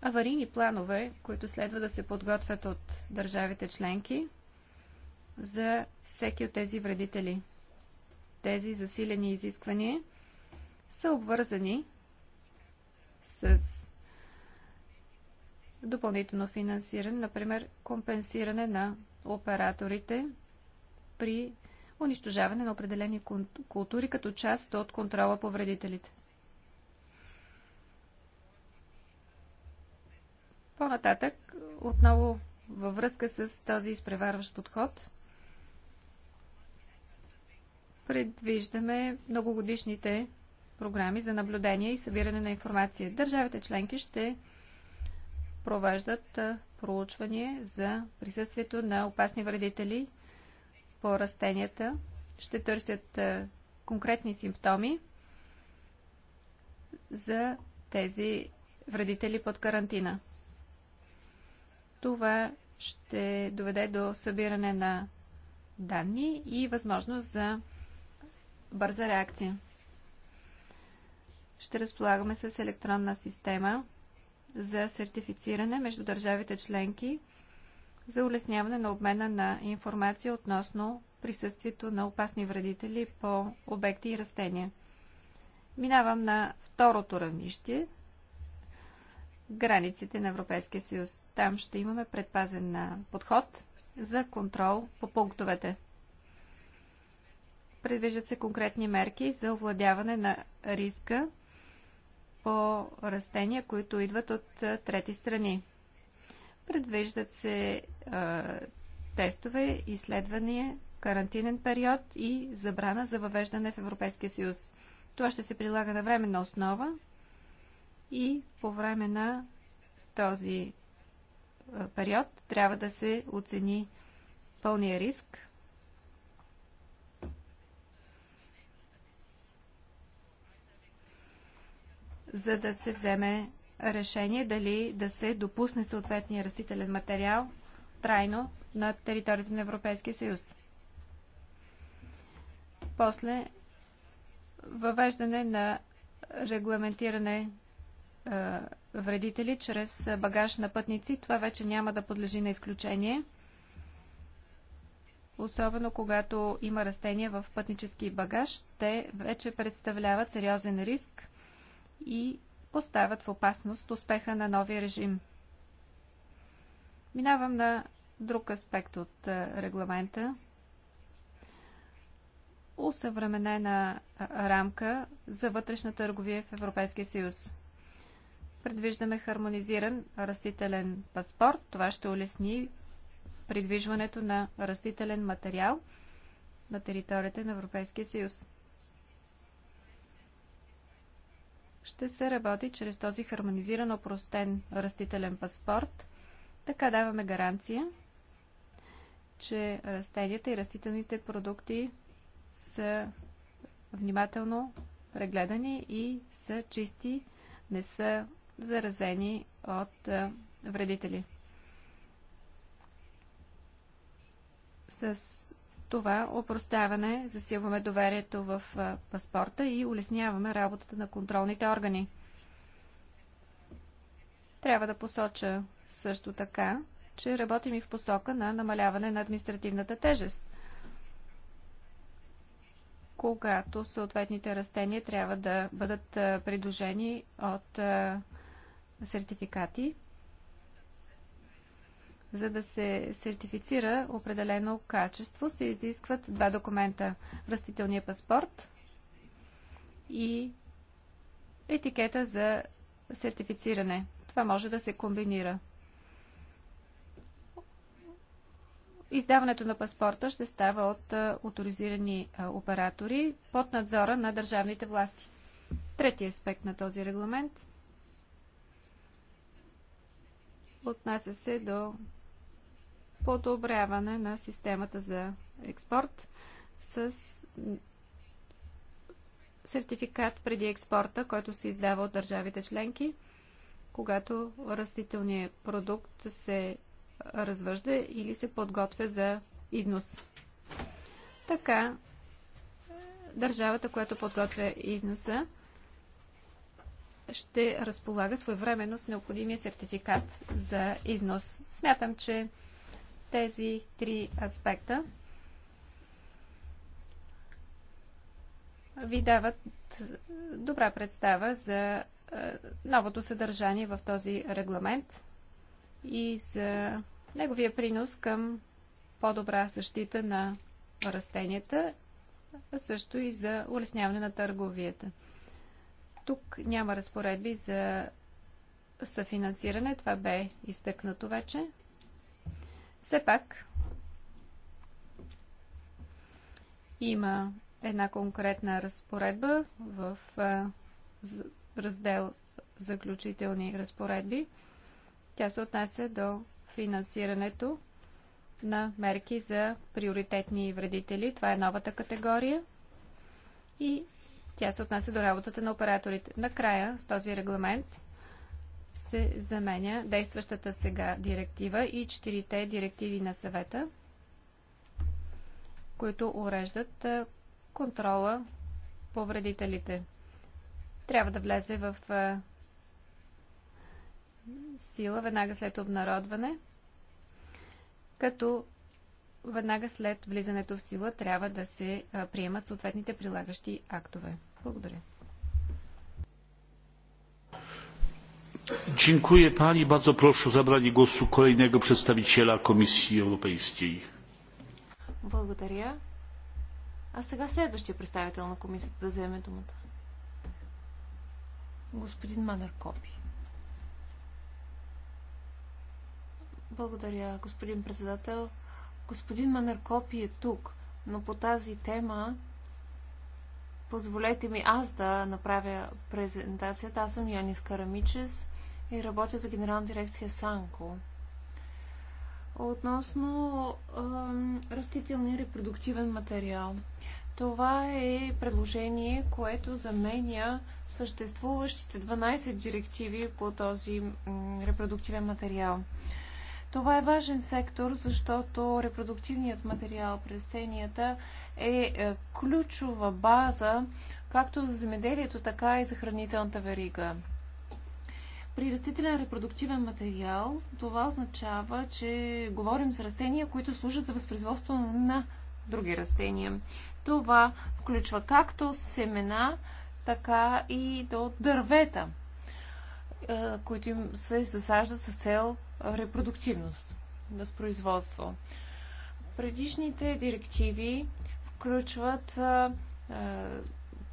аварийни планове, които следва да се подготвят от държавите членки за всеки от тези вредители. Тези засилени изисквания са обвързани с допълнително финансиране, например компенсиране на операторите при унищожаване на определени култури като част от контрола по вредителите. По-нататък, отново във връзка с този изпреварващ подход, предвиждаме многогодишните програми за наблюдение и събиране на информация. Държавите членки ще провеждат проучване за присъствието на опасни вредители по растенията ще търсят конкретни симптоми за тези вредители под карантина. Това ще доведе до събиране на данни и възможност за бърза реакция. Ще разполагаме с електронна система за сертифициране между държавите членки – за улесняване на обмена на информация относно присъствието на опасни вредители по обекти и растения. Минавам на второто равнище границите на Европейския съюз. Там ще имаме предпазен подход за контрол по пунктовете. Предвиждат се конкретни мерки за овладяване на риска по растения, които идват от трети страни. Предвиждат се а, тестове, изследвания, карантинен период и забрана за въвеждане в Европейския съюз. Това ще се прилага на временна основа и по време на този а, период трябва да се оцени пълния риск за да се вземе решение дали да се допусне съответния растителен материал трайно на територията на Европейския съюз. После въвеждане на регламентиране е, вредители чрез багаж на пътници. Това вече няма да подлежи на изключение. Особено когато има растения в пътнически багаж, те вече представляват сериозен риск и поставят в опасност успеха на новия режим. Минавам на друг аспект от е, регламента. Усъвременена е, рамка за вътрешна търговия в Европейския съюз. Предвиждаме хармонизиран растителен паспорт. Това ще улесни придвижването на растителен материал на територията на Европейския съюз. ще се работи чрез този хармонизиран опростен растителен паспорт. Така даваме гаранция, че растенията и растителните продукти са внимателно прегледани и са чисти, не са заразени от вредители. С това опростяване засилваме доверието в паспорта и улесняваме работата на контролните органи. Трябва да посоча също така, че работим и в посока на намаляване на административната тежест. Когато съответните растения трябва да бъдат придружени от сертификати, за да се сертифицира определено качество, се изискват два документа растителния паспорт и етикета за сертифициране. Това може да се комбинира. Издаването на паспорта ще става от авторизирани оператори под надзора на държавните власти. Третия аспект на този регламент отнася се до подобряване на системата за експорт с сертификат преди експорта, който се издава от държавите членки, когато растителният продукт се развъжда или се подготвя за износ. Така, държавата, която подготвя износа, ще разполага своевременно с необходимия сертификат за износ. Смятам, че тези три аспекта ви дават добра представа за е, новото съдържание в този регламент и за неговия принос към по-добра защита на растенията, а също и за улесняване на търговията. Тук няма разпоредби за съфинансиране, това бе изтъкнато вече. Все пак има една конкретна разпоредба в раздел заключителни разпоредби. Тя се отнася до финансирането на мерки за приоритетни вредители. Това е новата категория. И тя се отнася до работата на операторите. Накрая с този регламент се заменя действащата сега директива и четирите директиви на съвета, които уреждат контрола по вредителите. Трябва да влезе в сила веднага след обнародване, като веднага след влизането в сила трябва да се приемат съответните прилагащи актове. Благодаря. Dziękuję pani. Bardzo proszę o zabranie głosu kolejnego przedstawiciela Комисии Europejskiej. Благодаря. А сега следващия представител на комисията да вземе думата. Господин Манер Копи. Благодаря, господин председател. Господин Манеркопи е тук, но по тази тема позволете ми аз да направя презентацията. Аз съм Янис Карамичес и работя за Генерална дирекция Санко. Относно э, растителния и репродуктивен материал. Това е предложение, което заменя съществуващите 12 директиви по този репродуктивен материал. Това е важен сектор, защото репродуктивният материал при растенията е, е ключова база както за земеделието, така и за хранителната верига. При растителен репродуктивен материал това означава, че говорим за растения, които служат за възпроизводство на други растения. Това включва както семена, така и до дървета, е, които им се засаждат с цел репродуктивност, възпроизводство. Предишните директиви включват е, е,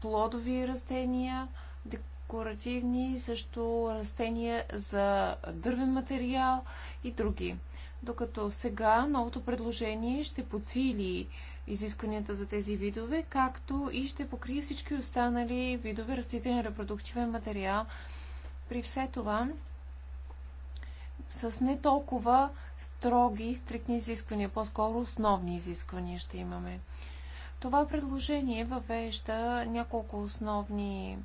плодови растения, декоративни, също растения за дървен материал и други. Докато сега новото предложение ще подсили изискванията за тези видове, както и ще покрие всички останали видове растителен репродуктивен материал. При все това, с не толкова строги, стрикни изисквания, по-скоро основни изисквания ще имаме. Това предложение въвежда няколко основни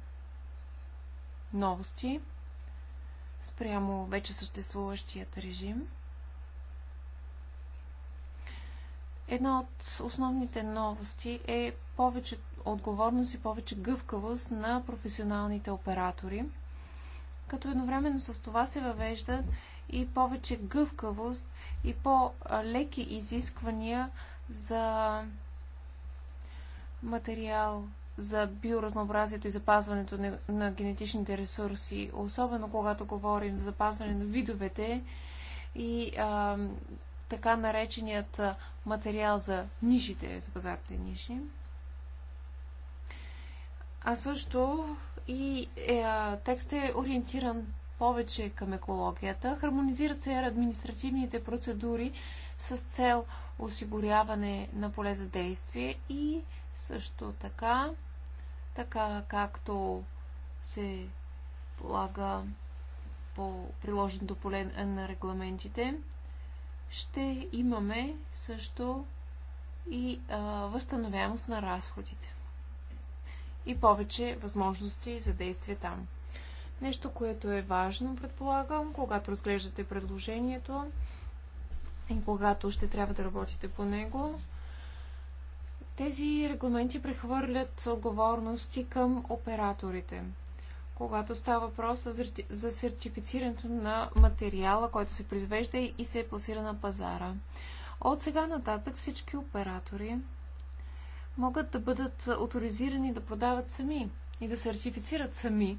новости спрямо вече съществуващият режим. Една от основните новости е повече отговорност и повече гъвкавост на професионалните оператори, като едновременно с това се въвеждат и повече гъвкавост и по-леки изисквания за материал за биоразнообразието и запазването на, генетичните ресурси, особено когато говорим за запазване на видовете и а, така нареченият материал за нишите, за пазарите ниши. А също и е, текстът е ориентиран повече към екологията. Хармонизират се административните процедури с цел осигуряване на поле за действие и също така така както се полага по приложеното поле на регламентите. Ще имаме също и а, възстановяемост на разходите. И повече възможности за действие там. Нещо, което е важно, предполагам, когато разглеждате предложението и когато ще трябва да работите по него, тези регламенти прехвърлят отговорности към операторите. Когато става въпрос за сертифицирането на материала, който се произвежда и се пласира на пазара. От сега нататък всички оператори могат да бъдат авторизирани да продават сами и да сертифицират сами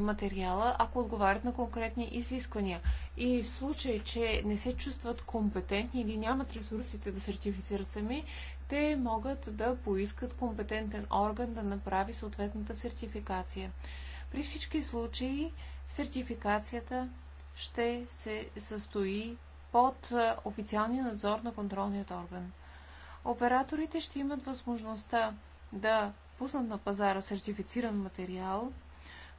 материала, ако отговарят на конкретни изисквания. И в случай, че не се чувстват компетентни или нямат ресурсите да сертифицират сами, те могат да поискат компетентен орган да направи съответната сертификация. При всички случаи сертификацията ще се състои под официалния надзор на контролният орган. Операторите ще имат възможността да пуснат на пазара сертифициран материал,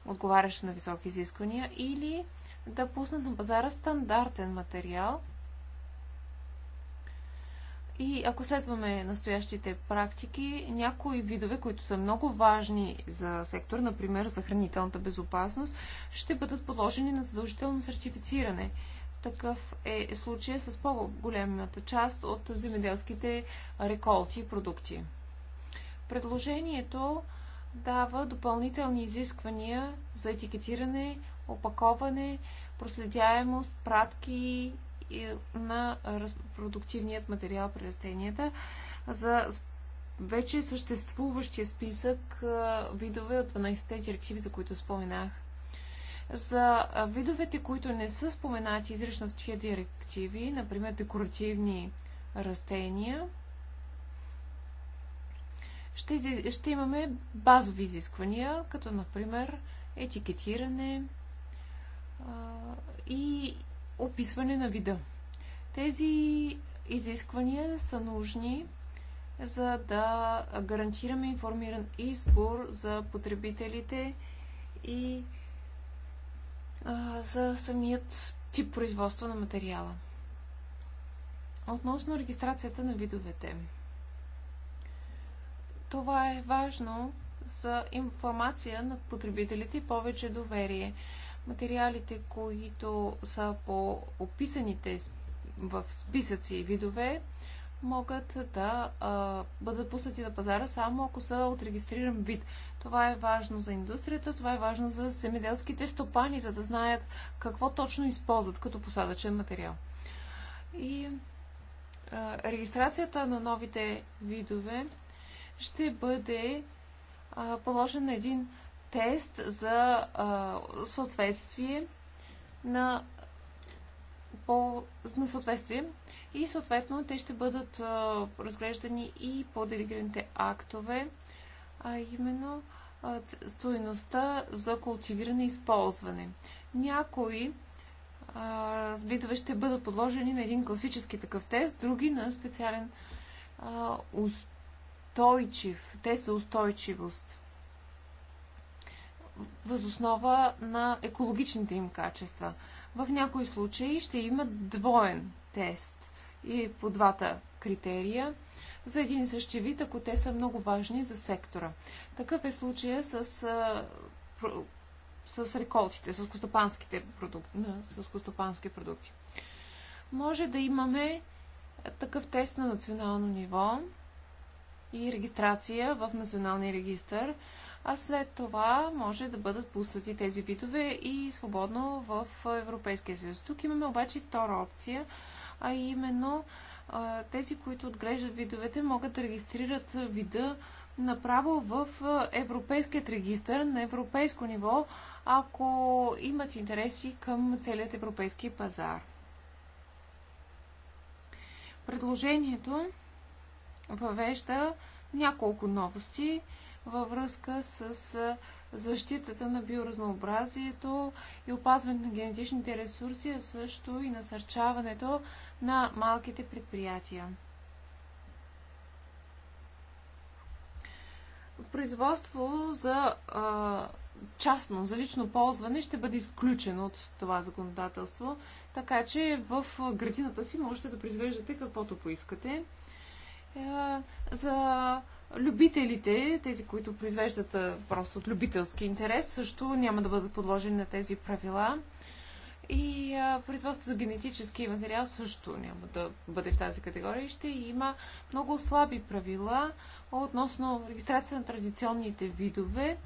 отговарящ на високи изисквания, или да пуснат на пазара стандартен материал. И ако следваме настоящите практики, някои видове, които са много важни за сектор, например за хранителната безопасност, ще бъдат подложени на задължително сертифициране. Такъв е случая с по-голямата част от земеделските реколти и продукти. Предложението дава допълнителни изисквания за етикетиране, опаковане, проследяемост, пратки на продуктивният материал при растенията за вече съществуващия списък видове от 12-те директиви, за които споменах. За видовете, които не са споменати изрично в тия директиви, например декоративни растения, ще, ще имаме базови изисквания, като например етикетиране а, и описване на вида. Тези изисквания са нужни, за да гарантираме информиран избор за потребителите и а, за самият тип производство на материала. Относно регистрацията на видовете. Това е важно за информация на потребителите и повече доверие. Материалите, които са по описаните в списъци видове, могат да а, бъдат пуснати на пазара само ако са от регистриран вид. Това е важно за индустрията, това е важно за семеделските стопани, за да знаят какво точно използват като посадъчен материал. И а, регистрацията на новите видове ще бъде а, положен един тест за а, съответствие на, по, на съответствие и съответно те ще бъдат а, разглеждани и по делегираните актове, а именно а, стоеността за култивиране и използване. Някои а, видове ще бъдат подложени на един класически такъв тест, други на специален а, устойчив. Те са устойчивост. Възоснова на екологичните им качества. В някои случаи ще има двоен тест и по двата критерия за един и същи вид, ако те са много важни за сектора. Такъв е случая с, с реколтите, с костопанските продукти, с костопански продукти. Може да имаме такъв тест на национално ниво, и регистрация в националния регистр, а след това може да бъдат пуснати тези видове и свободно в Европейския съюз. Тук имаме обаче втора опция, а именно тези, които отглеждат видовете, могат да регистрират вида направо в Европейският регистр на европейско ниво, ако имат интереси към целият европейски пазар. Предложението въвежда няколко новости във връзка с защитата на биоразнообразието и опазването на генетичните ресурси, а също и насърчаването на малките предприятия. Производство за а, частно, за лично ползване ще бъде изключено от това законодателство, така че в градината си можете да произвеждате каквото поискате. Е, за любителите, тези, които произвеждат е, просто от любителски интерес, също няма да бъдат подложени на тези правила. И е, производството за генетически материал също няма да бъде в тази категория. Ще има много слаби правила относно регистрация на традиционните видове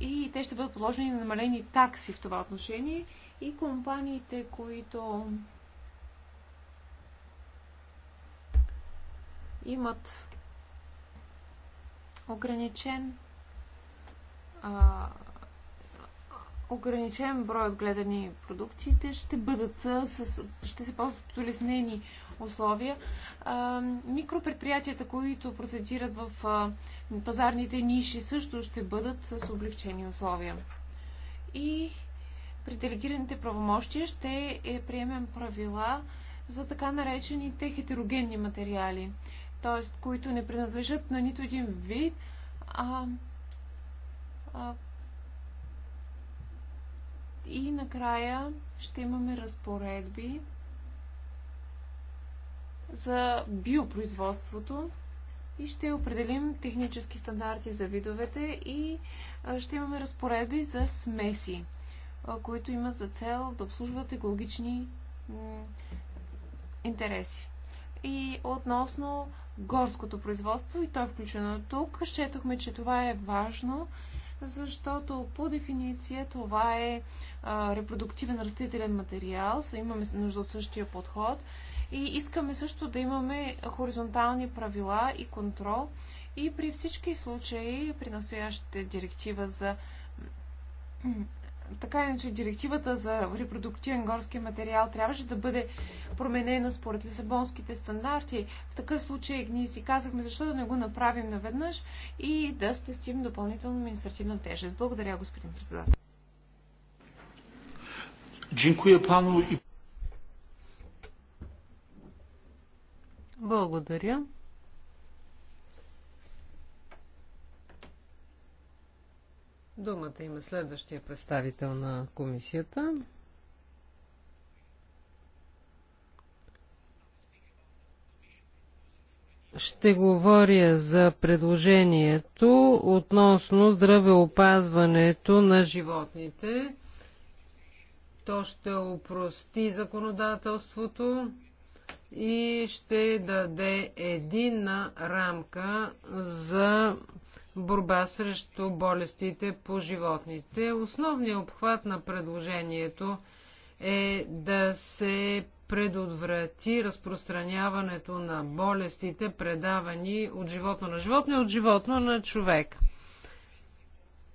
и те ще бъдат подложени на намалени такси в това отношение. И компаниите, които имат ограничен а, ограничен брой от гледани продуктите ще бъдат с, ще се ползват улеснени условия. А, микропредприятията, които процедират в а, пазарните ниши, също ще бъдат с облегчени условия. И при делегираните правомощия ще е, приемем правила за така наречените хетерогенни материали т.е. които не принадлежат на нито един вид, а, а и накрая ще имаме разпоредби за биопроизводството и ще определим технически стандарти за видовете и ще имаме разпоредби за смеси, които имат за цел да обслужват екологични интереси и относно горското производство и то е включено тук. Щетохме, че това е важно, защото по дефиниция това е а, репродуктивен растителен материал, имаме нужда от същия подход и искаме също да имаме хоризонтални правила и контрол и при всички случаи, при настоящата директива за така иначе директивата за репродуктивен горски материал трябваше да бъде променена според лисабонските стандарти. В такъв случай ние си казахме защо да не го направим наведнъж и да спестим допълнително административна тежест. Благодаря, господин председател. Благодаря. Думата има следващия представител на комисията. Ще говоря за предложението относно здравеопазването на животните. То ще упрости законодателството и ще даде единна рамка за борба срещу болестите по животните. Основният обхват на предложението е да се предотврати разпространяването на болестите, предавани от животно на животно и от животно на човек.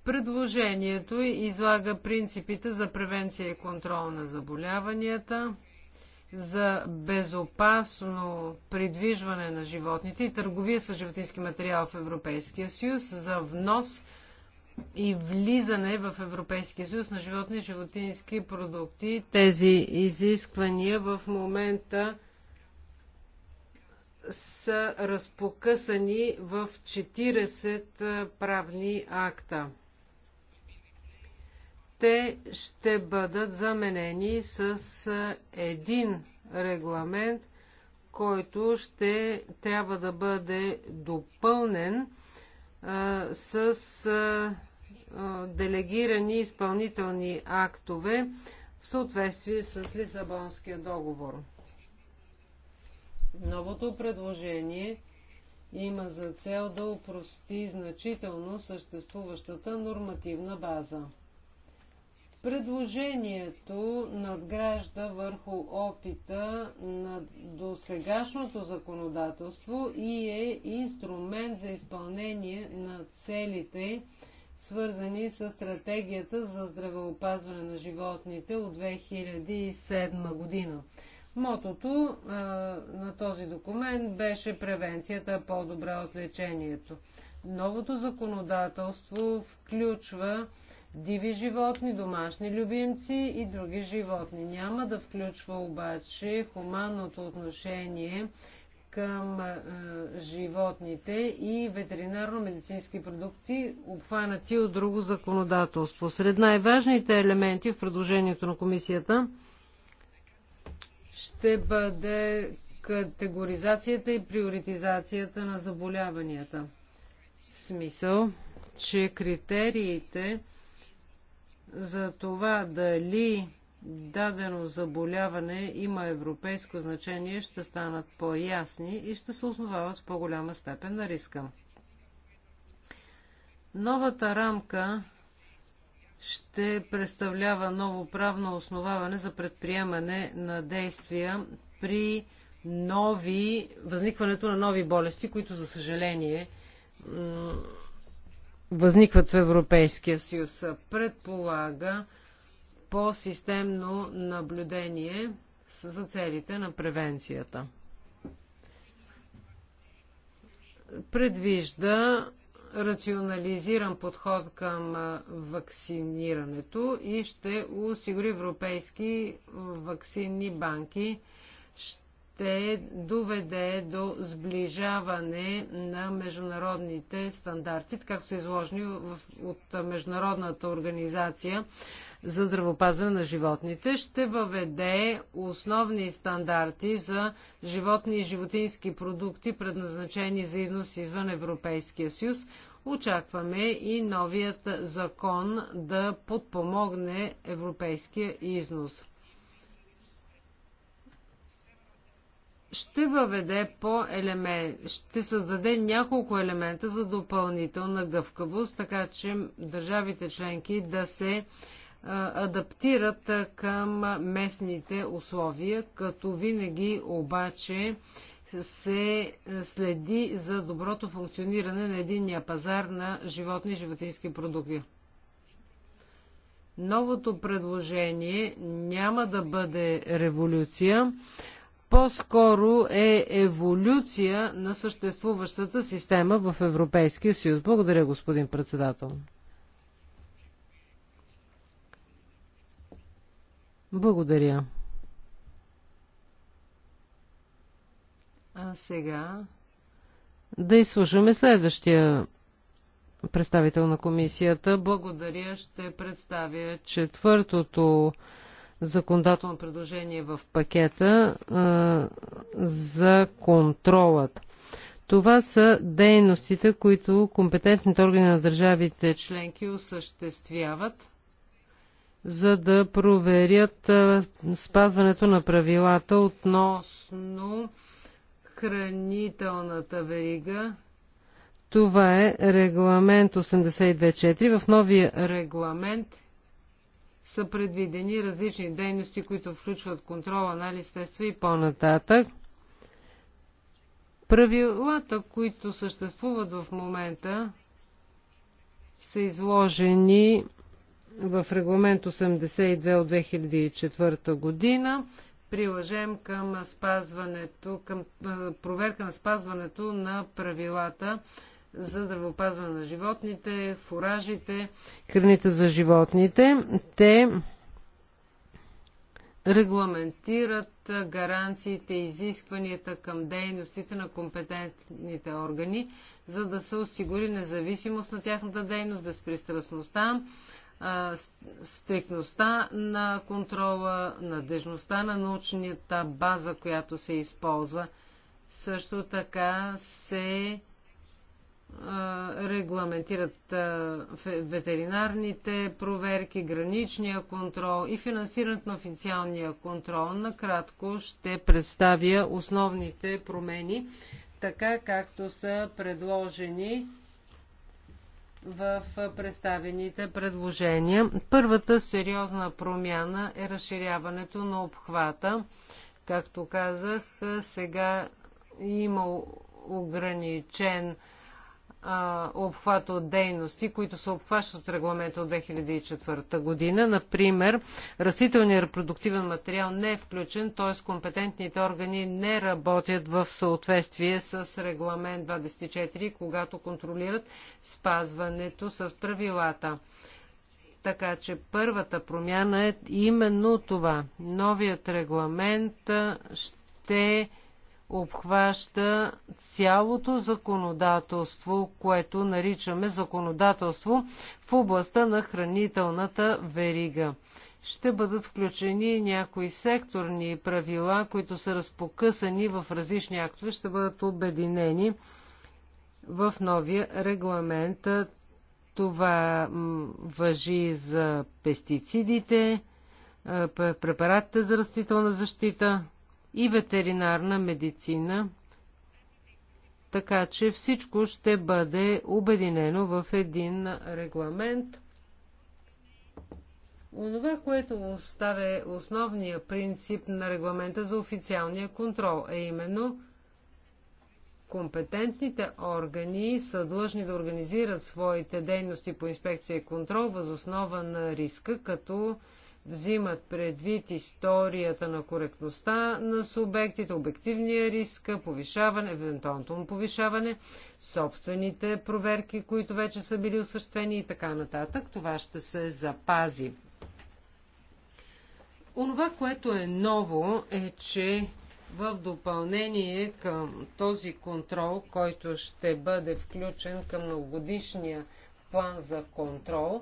Предложението излага принципите за превенция и контрол на заболяванията, за безопасно придвижване на животните и търговия с животински материал в Европейския съюз, за внос и влизане в Европейския съюз на животни и животински продукти. Тези изисквания в момента са разпокъсани в 40 правни акта те ще бъдат заменени с един регламент, който ще трябва да бъде допълнен с делегирани изпълнителни актове в съответствие с Лисабонския договор. Новото предложение има за цел да упрости значително съществуващата нормативна база. Предложението надгражда върху опита на досегашното законодателство и е инструмент за изпълнение на целите, свързани с стратегията за здравеопазване на животните от 2007 година. Мотото а, на този документ беше превенцията по-добра от лечението. Новото законодателство включва диви животни, домашни любимци и други животни. Няма да включва обаче хуманното отношение към е, животните и ветеринарно-медицински продукти, обхванати от друго законодателство. Сред най-важните елементи в предложението на комисията ще бъде категоризацията и приоритизацията на заболяванията. В смисъл, че критериите за това дали дадено заболяване има европейско значение, ще станат по-ясни и ще се основават с по-голяма степен на риска. Новата рамка ще представлява ново правно основаване за предприемане на действия при нови, възникването на нови болести, които, за съжаление, възникват в Европейския съюз. Предполага по-системно наблюдение за целите на превенцията. Предвижда рационализиран подход към вакцинирането и ще осигури европейски вакцинни банки. Ще ще доведе до сближаване на международните стандарти, както са изложени от Международната организация за здравопазване на животните. Ще въведе основни стандарти за животни и животински продукти, предназначени за износ извън Европейския съюз. Очакваме и новият закон да подпомогне европейския износ. ще въведе по елемент, ще създаде няколко елемента за допълнителна гъвкавост, така че държавите членки да се адаптират към местните условия, като винаги обаче се следи за доброто функциониране на единния пазар на животни и животински продукти. Новото предложение няма да бъде революция, по-скоро е еволюция на съществуващата система в Европейския съюз. Благодаря, господин председател. Благодаря. А сега да изслушаме следващия представител на комисията. Благодаря. Ще представя четвъртото законодателно предложение в пакета за контролът. Това са дейностите, които компетентните органи на държавите членки осъществяват, за да проверят спазването на правилата относно хранителната верига. Това е регламент 82.4. В новия регламент са предвидени различни дейности, които включват контрол, анализ, тества и по-нататък. Правилата, които съществуват в момента, са изложени в регламент 82 от 2004 година, приложен към спазването, към проверка на спазването на правилата за здравеопазване на животните, фуражите, храните за животните. Те регламентират гаранциите и изискванията към дейностите на компетентните органи, за да се осигури независимост на тяхната дейност, безпристрастността, стрикността на контрола, надежността на научната база, която се използва. Също така се регламентират ветеринарните проверки, граничния контрол и финансирането на официалния контрол. Накратко ще представя основните промени, така както са предложени в представените предложения. Първата сериозна промяна е разширяването на обхвата. Както казах, сега има ограничен Обхвата обхват от дейности, които се обхващат от регламента от 2004 година. Например, растителният репродуктивен материал не е включен, т.е. компетентните органи не работят в съответствие с регламент 24, когато контролират спазването с правилата. Така че първата промяна е именно това. Новият регламент ще обхваща цялото законодателство, което наричаме законодателство в областта на хранителната верига. Ще бъдат включени някои секторни правила, които са разпокъсани в различни актове, ще бъдат обединени в новия регламент. Това въжи за пестицидите, препаратите за растителна защита, и ветеринарна медицина, така че всичко ще бъде обединено в един регламент. Онова, което оставя основния принцип на регламента за официалния контрол, е именно компетентните органи са длъжни да организират своите дейности по инспекция и контрол възоснова на риска, като взимат предвид историята на коректността на субектите, обективния риск, повишаване, евентуалното му повишаване, собствените проверки, които вече са били осъществени и така нататък. Това ще се запази. Онова, което е ново, е, че в допълнение към този контрол, който ще бъде включен към многогодишния план за контрол,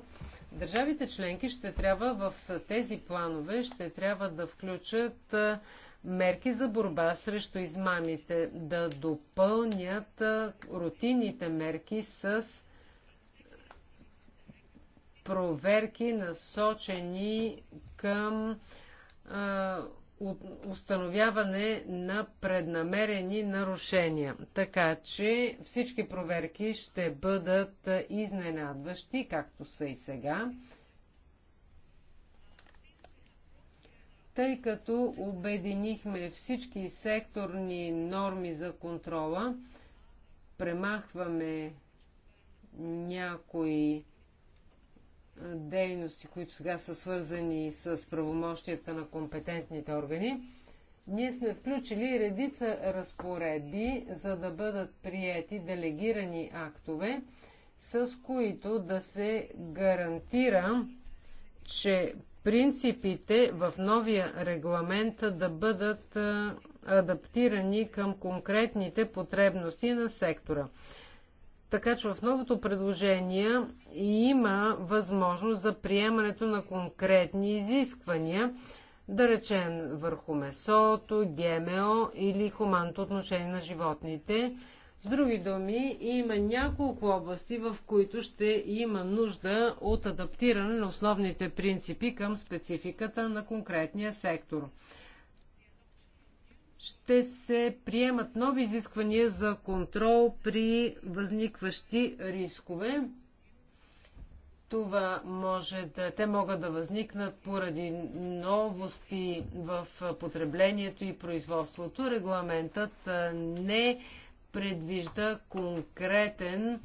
Държавите членки ще трябва в тези планове ще трябва да включат мерки за борба срещу измамите, да допълнят рутинните мерки с проверки насочени към установяване на преднамерени нарушения. Така че всички проверки ще бъдат изненадващи, както са и сега. Тъй като обединихме всички секторни норми за контрола, премахваме някои дейности, които сега са свързани с правомощията на компетентните органи, ние сме включили редица разпоредби, за да бъдат приети делегирани актове, с които да се гарантира, че принципите в новия регламент да бъдат адаптирани към конкретните потребности на сектора. Така че в новото предложение има възможност за приемането на конкретни изисквания, да речем върху месото, ГМО или хуманното отношение на животните. С други думи, има няколко области, в които ще има нужда от адаптиране на основните принципи към спецификата на конкретния сектор ще се приемат нови изисквания за контрол при възникващи рискове. Това може да, те могат да възникнат поради новости в потреблението и производството. Регламентът не предвижда конкретен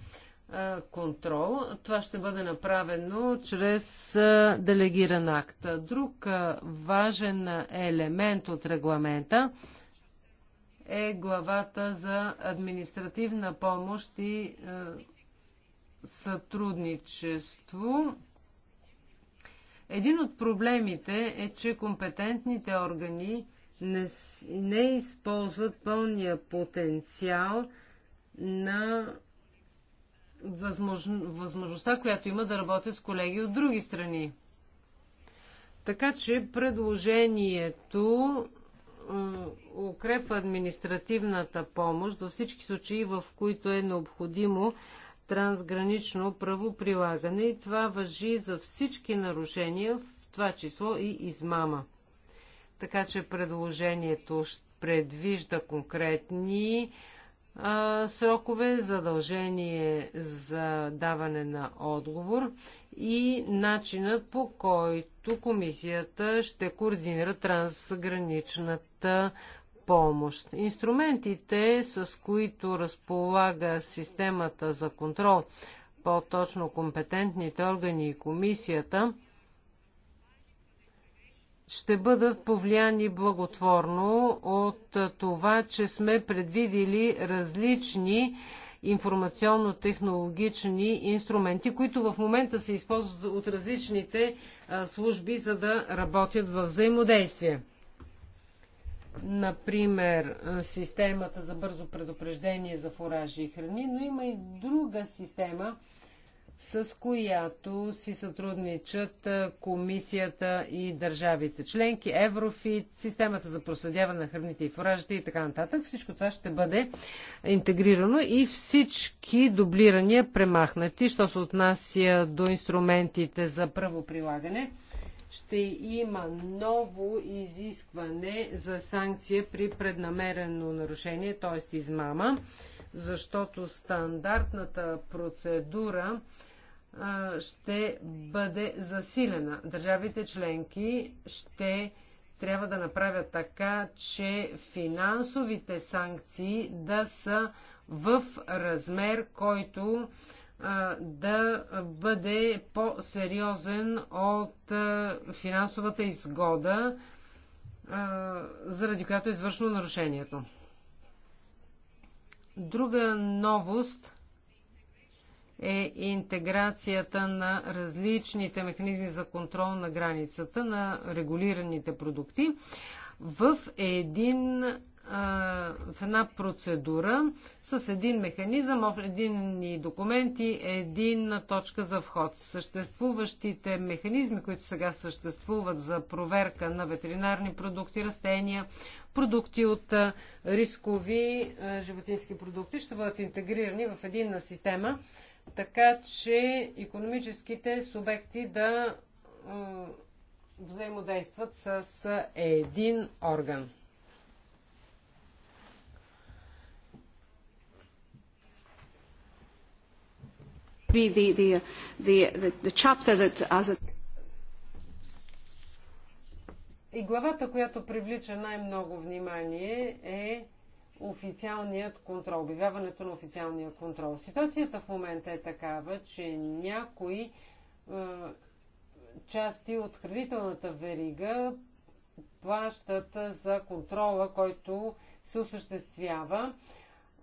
контрол. Това ще бъде направено чрез делегиран акт. Друг важен елемент от регламента е главата за административна помощ и е, сътрудничество. Един от проблемите е, че компетентните органи не, не използват пълния потенциал на възможно, възможността, която има да работят с колеги от други страни. Така че предложението укрепва административната помощ до всички случаи, в които е необходимо трансгранично правоприлагане и това въжи за всички нарушения, в това число и измама. Така че предложението предвижда конкретни а, срокове, задължение за даване на отговор и начинът по който комисията ще координира трансграничната помощ. Инструментите, с които разполага системата за контрол, по-точно компетентните органи и комисията, ще бъдат повлияни благотворно от това, че сме предвидили различни информационно-технологични инструменти, които в момента се използват от различните служби, за да работят във взаимодействие. Например, системата за бързо предупреждение за фуражи и храни, но има и друга система – с която си сътрудничат комисията и държавите членки, Еврофит, системата за проследяване на храните и фуражите и така нататък. Всичко това ще бъде интегрирано и всички дублирания премахнати, що се отнася до инструментите за правоприлагане. Ще има ново изискване за санкция при преднамерено нарушение, т.е. измама защото стандартната процедура ще бъде засилена. Държавите членки ще трябва да направят така, че финансовите санкции да са в размер, който да бъде по-сериозен от финансовата изгода, заради която е извършено нарушението. Друга новост е интеграцията на различните механизми за контрол на границата на регулираните продукти в един в една процедура с един механизъм, един документ и един точка за вход. Съществуващите механизми, които сега съществуват за проверка на ветеринарни продукти, растения, продукти от рискови животински продукти, ще бъдат интегрирани в единна система, така че економическите субекти да взаимодействат с един орган. The, the, the, the chapter that as a... И главата, която привлича най-много внимание е официалният контрол, обявяването на официалния контрол. Ситуацията в момента е такава, че някои е, части от хранителната верига плащат за контрола, който се осъществява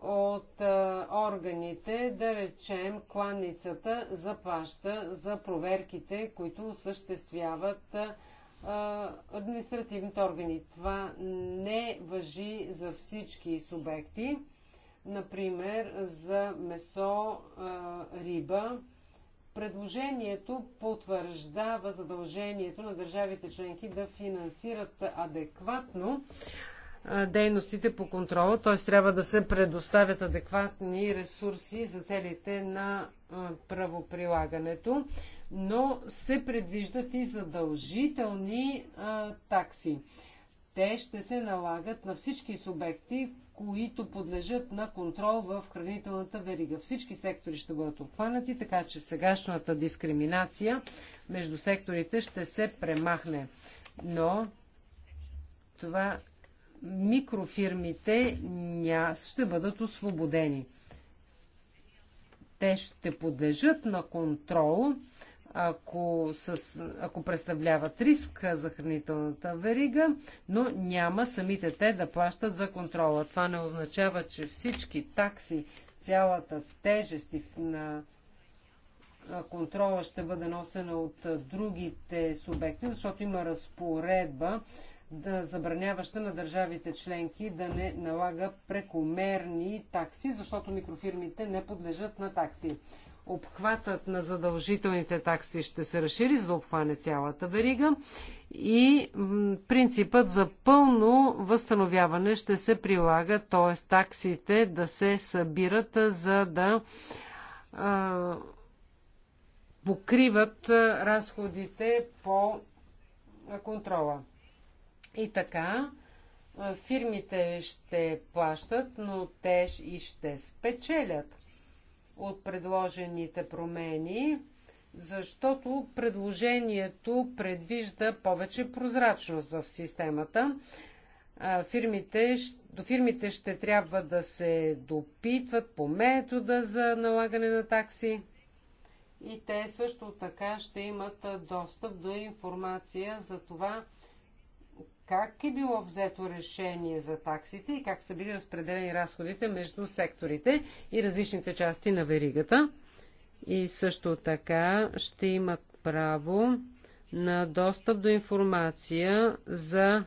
от е, органите, да речем, кланницата заплаща за проверките, които осъществяват е, административните органи. Това не въжи за всички субекти. Например, за месо, риба. Предложението потвърждава задължението на държавите членки да финансират адекватно дейностите по контрола, т.е. трябва да се предоставят адекватни ресурси за целите на правоприлагането но се предвиждат и задължителни а, такси. Те ще се налагат на всички субекти, които подлежат на контрол в хранителната верига. Всички сектори ще бъдат обхванати, така че сегашната дискриминация между секторите ще се премахне. Но това микрофирмите ня... ще бъдат освободени. Те ще подлежат на контрол ако, с, ако представляват риск за хранителната верига, но няма самите те да плащат за контрола. Това не означава, че всички такси, цялата тежест на контрола ще бъде носена от другите субекти, защото има разпоредба да забраняваща на държавите членки да не налага прекомерни такси, защото микрофирмите не подлежат на такси обхватът на задължителните такси ще се разшири, за да обхване цялата верига и принципът за пълно възстановяване ще се прилага, т.е. таксите да се събират, за да а, покриват разходите по контрола. И така, фирмите ще плащат, но те и ще спечелят от предложените промени, защото предложението предвижда повече прозрачност в системата. Фирмите, до фирмите ще трябва да се допитват по метода за налагане на такси и те също така ще имат достъп до информация за това, как е било взето решение за таксите и как са били разпределени разходите между секторите и различните части на веригата. И също така ще имат право на достъп до информация за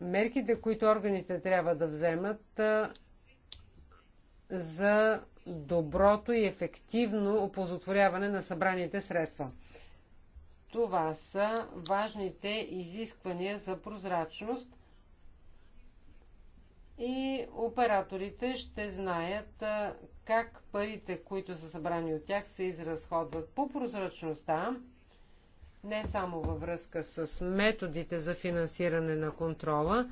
мерките, които органите трябва да вземат за доброто и ефективно оползотворяване на събраните средства. Това са важните изисквания за прозрачност и операторите ще знаят как парите, които са събрани от тях, се изразходват по прозрачността, не само във връзка с методите за финансиране на контрола,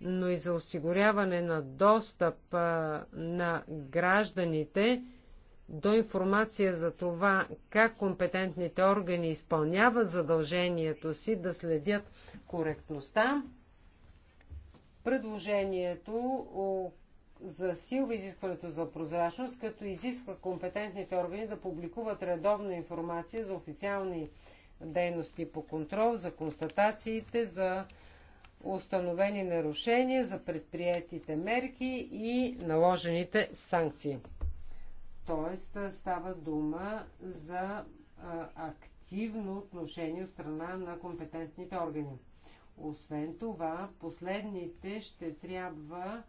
но и за осигуряване на достъп на гражданите до информация за това как компетентните органи изпълняват задължението си да следят коректността. Предложението за силва изискването за прозрачност, като изисква компетентните органи да публикуват редовна информация за официални дейности по контрол, за констатациите, за установени нарушения, за предприятите мерки и наложените санкции. Тоест става дума за активно отношение от страна на компетентните органи. Освен това, последните ще трябва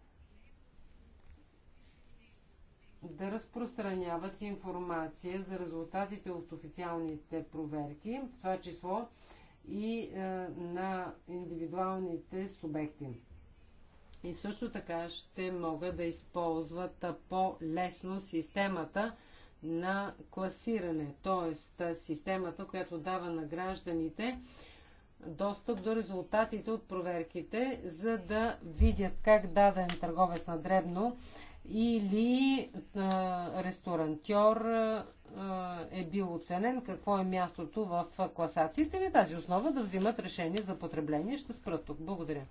да разпространяват информация за резултатите от официалните проверки, в това число и е, на индивидуалните субекти и също така ще могат да използват по-лесно системата на класиране, т.е. системата, която дава на гражданите достъп до резултатите от проверките, за да видят как даден търговец на дребно или а, ресторантьор а, е бил оценен, какво е мястото в класациите и на тази основа да взимат решение за потребление. Ще спра тук. Благодаря.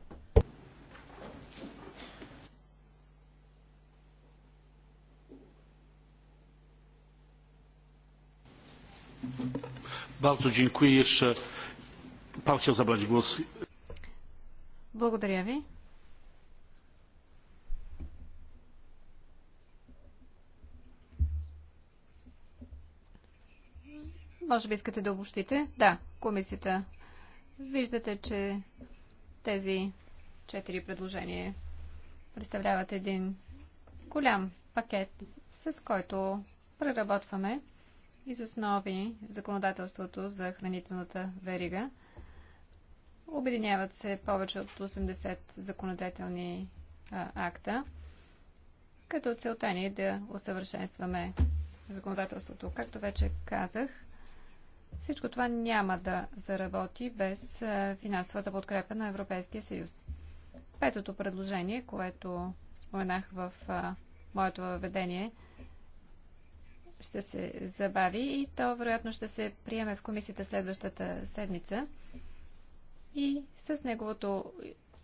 Bardzo dziękuję. Jeszcze pan chciał zabrać Благодаря ви. Може би искате да обобщите? Да, комисията. Виждате, че тези четири предложения представляват един голям пакет, с който преработваме из основи законодателството за хранителната верига. Обединяват се повече от 80 законодателни а, акта, като целта ни е да усъвършенстваме законодателството. Както вече казах, всичко това няма да заработи без финансовата подкрепа на Европейския съюз. Петото предложение, което споменах в а, моето въведение, ще се забави и то вероятно ще се приеме в комисията следващата седмица. И с неговото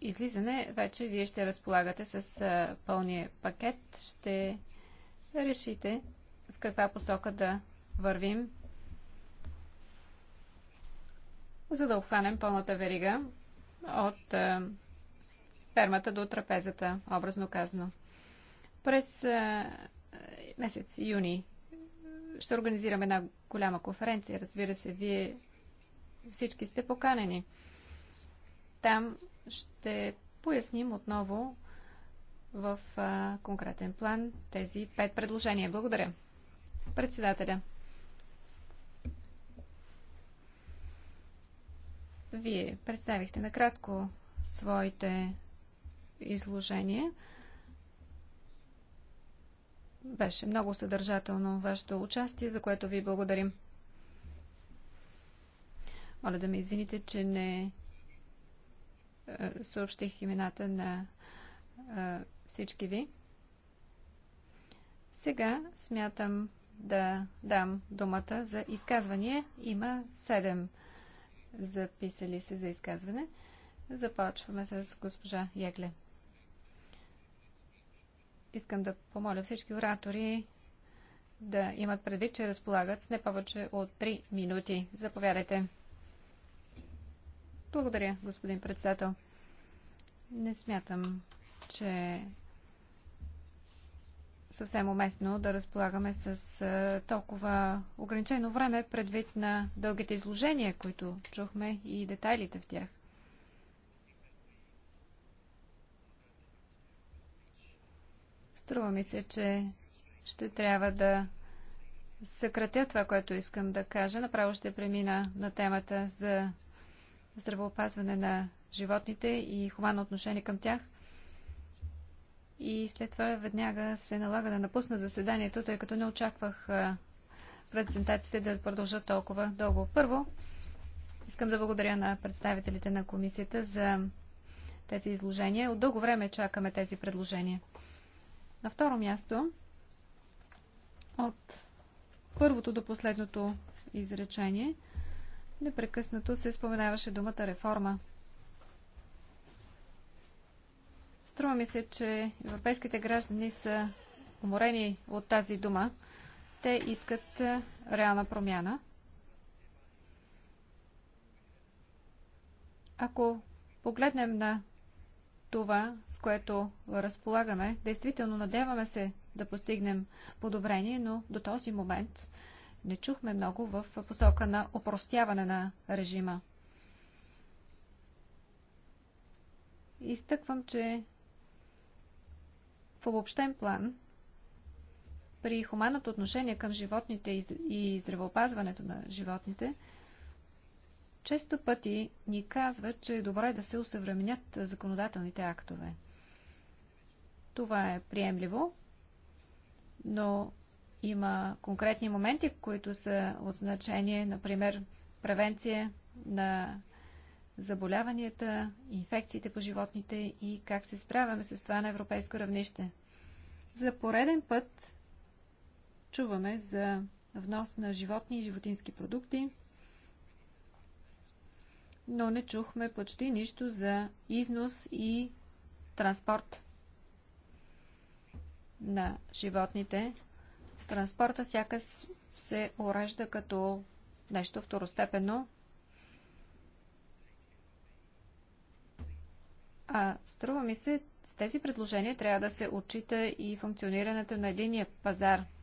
излизане вече вие ще разполагате с пълния пакет. Ще решите в каква посока да вървим, за да обхванем пълната верига от фермата до трапезата, образно казано. През месец юни ще организираме една голяма конференция. Разбира се, вие всички сте поканени. Там ще поясним отново в а, конкретен план тези пет предложения. Благодаря. Председателя. Вие представихте накратко своите изложения. Беше много съдържателно вашето участие, за което ви благодарим. Моля да ме извините, че не е, съобщих имената на е, всички ви. Сега смятам да дам думата за изказване. Има седем записали се за изказване. Започваме с госпожа Ягле. Искам да помоля всички оратори да имат предвид, че разполагат с не повече от 3 минути. Заповядайте. Благодаря, господин председател. Не смятам, че съвсем уместно да разполагаме с толкова ограничено време предвид на дългите изложения, които чухме и детайлите в тях. Струва ми се, че ще трябва да съкратя това, което искам да кажа. Направо ще премина на темата за здравеопазване на животните и хуманно отношение към тях. И след това веднага се налага да напусна заседанието, тъй като не очаквах презентациите да продължат толкова дълго. Първо, искам да благодаря на представителите на комисията за тези изложения. От дълго време чакаме тези предложения. На второ място, от първото до последното изречение, непрекъснато се споменаваше думата реформа. Струва ми се, че европейските граждани са уморени от тази дума. Те искат реална промяна. Ако погледнем на това, с което разполагаме. Действително, надяваме се да постигнем подобрение, но до този момент не чухме много в посока на опростяване на режима. Изтъквам, че в обобщен план при хуманното отношение към животните и здравеопазването на животните – често пъти ни казват, че е добре да се усъвременят законодателните актове. Това е приемливо, но има конкретни моменти, които са от значение, например превенция на заболяванията, инфекциите по животните и как се справяме с това на европейско равнище. За пореден път чуваме за внос на животни и животински продукти – но не чухме почти нищо за износ и транспорт на животните. Транспорта сякаш се урежда като нещо второстепенно, А струва ми се, с тези предложения трябва да се отчита и функционирането на единия пазар –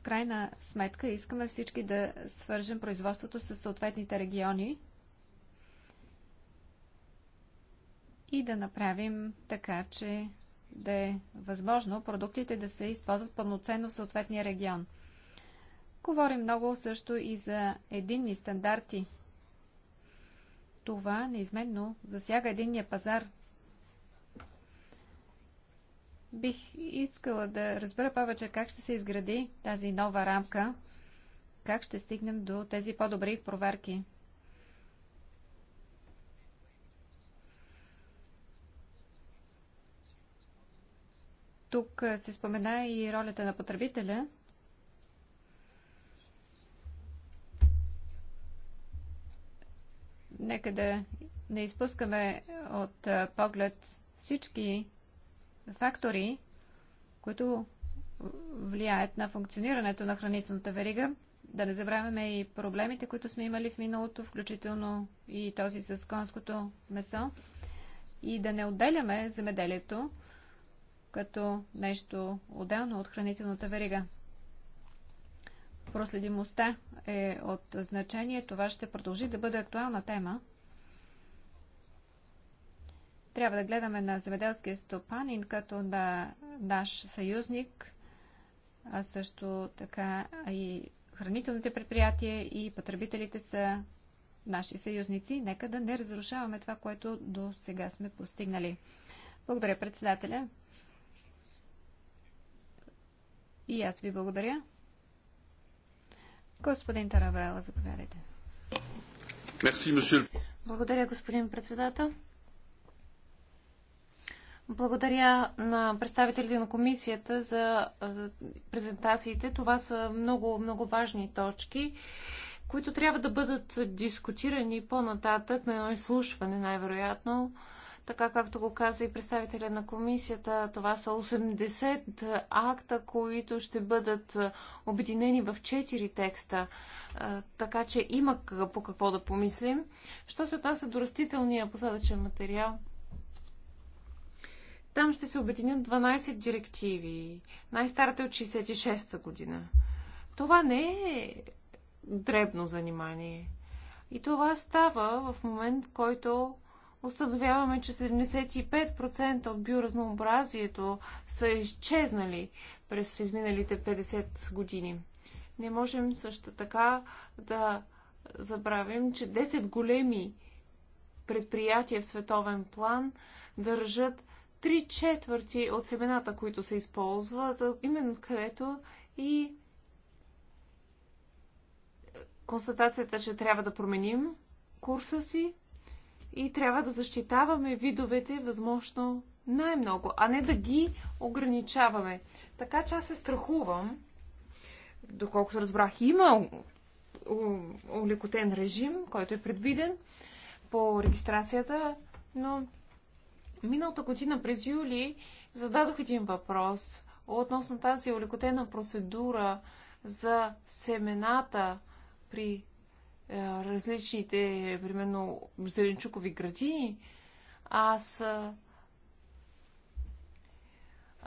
в крайна сметка искаме всички да свържем производството с съответните региони и да направим така, че да е възможно продуктите да се използват пълноценно в съответния регион. Говорим много също и за единни стандарти. Това неизменно засяга единния пазар Бих искала да разбера повече как ще се изгради тази нова рамка, как ще стигнем до тези по-добри проверки. Тук се спомена и ролята на потребителя. Нека да не изпускаме от поглед всички фактори, които влияят на функционирането на хранителната верига. Да не забравяме и проблемите, които сме имали в миналото, включително и този с конското месо. И да не отделяме земеделието като нещо отделно от хранителната верига. Проследимостта е от значение. Това ще продължи да бъде актуална тема. Трябва да гледаме на земеделския стопанин като на наш съюзник, а също така и хранителните предприятия и потребителите са наши съюзници. Нека да не разрушаваме това, което до сега сме постигнали. Благодаря, председателя. И аз ви благодаря. Господин Таравела, заповядайте. Благодаря, господин председател. Благодаря на представителите на комисията за презентациите. Това са много, много важни точки, които трябва да бъдат дискутирани по-нататък на едно изслушване, най-вероятно. Така както го каза и представителя на комисията, това са 80 акта, които ще бъдат обединени в 4 текста. Така че има по какво да помислим. Що се отнася до растителния посадъчен материал – там ще се обединят 12 директиви. Най-старата е от 66-та година. Това не е дребно занимание. И това става в момент, в който установяваме, че 75% от биоразнообразието са изчезнали през изминалите 50 години. Не можем също така да забравим, че 10 големи предприятия в световен план държат три четвърти от семената, които се използват, именно където и констатацията, че трябва да променим курса си и трябва да защитаваме видовете възможно най-много, а не да ги ограничаваме. Така че аз се страхувам, доколкото разбрах, има улекотен режим, който е предвиден по регистрацията, но Миналата година през юли зададох един въпрос относно тази олекотена процедура за семената при е, различните, примерно, зеленчукови градини. Аз е,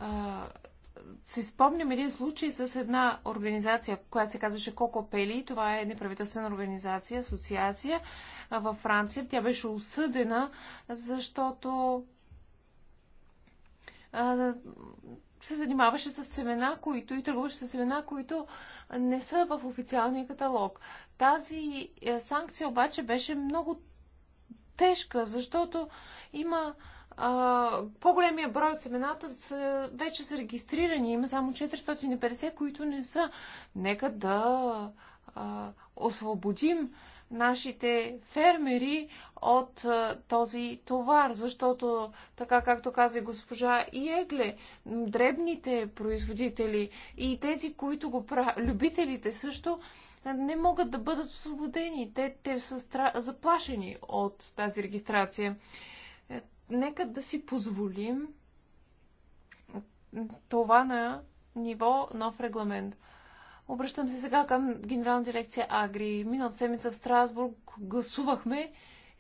е, си спомням един случай с една организация, която се казваше Коко Пели. Това е неправителствена организация, асоциация във Франция. Тя беше осъдена, защото се занимаваше с семена, които и търгуваше с семена, които не са в официалния каталог. Тази е, санкция обаче беше много тежка, защото има по-големия брой от семената са, вече са регистрирани. Има само 450, които не са. Нека да а, освободим нашите фермери от е, този товар, защото, така както каза госпожа Иегле, дребните производители и тези, които го правят, любителите също, е, не могат да бъдат освободени. Те, те са стра... заплашени от тази регистрация. Е, нека да си позволим това на ниво нов регламент. Обръщам се сега към Генерална дирекция Агри. минал седмица в Страсбург гласувахме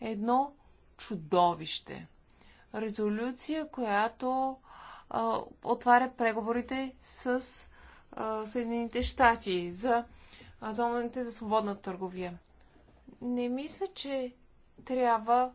едно чудовище. Резолюция, която а, отваря преговорите с а, Съединените щати за зоните за свободна търговия. Не мисля, че трябва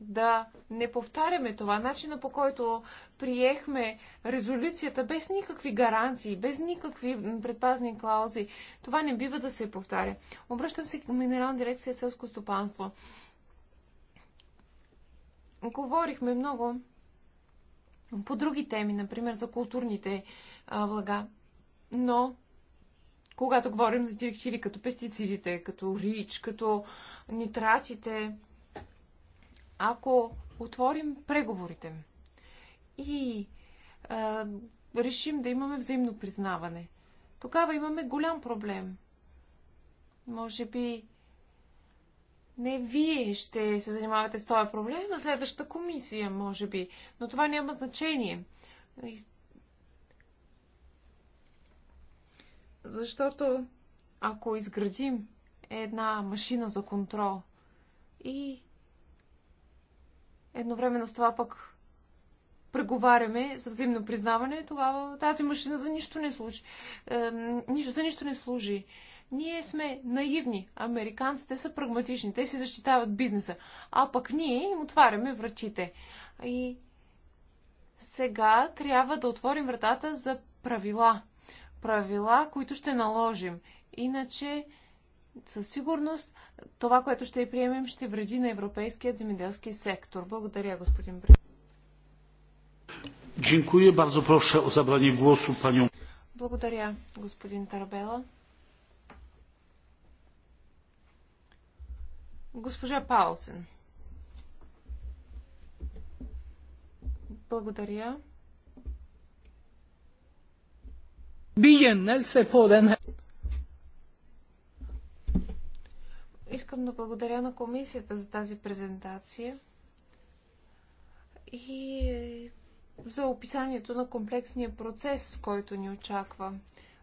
да не повтаряме това. Начина по който приехме резолюцията без никакви гаранции, без никакви предпазни клаузи, това не бива да се повтаря. Обръщам се към Минерална дирекция селско стопанство. Говорихме много по други теми, например за културните а, влага. Но, когато говорим за директиви като пестицидите, като рич, като нитратите, ако отворим преговорите и а, решим да имаме взаимно признаване, тогава имаме голям проблем. Може би не вие ще се занимавате с този проблем, а следващата комисия, може би. Но това няма значение. Защото ако изградим една машина за контрол и едновременно с това пък преговаряме за взаимно признаване, тогава тази машина за нищо не служи. Е, нищо, за нищо не служи. Ние сме наивни. Американците са прагматични. Те си защитават бизнеса. А пък ние им отваряме вратите. И сега трябва да отворим вратата за правила. Правила, които ще наложим. Иначе, със сигурност, това, което ще приемем, ще вреди на европейският земеделски сектор. Благодаря, господин Брин. Благодаря, господин Тарабела. Госпожа Паулсен. Благодаря. Биен, се фоден. Искам да благодаря на комисията за тази презентация и за описанието на комплексния процес, който ни очаква.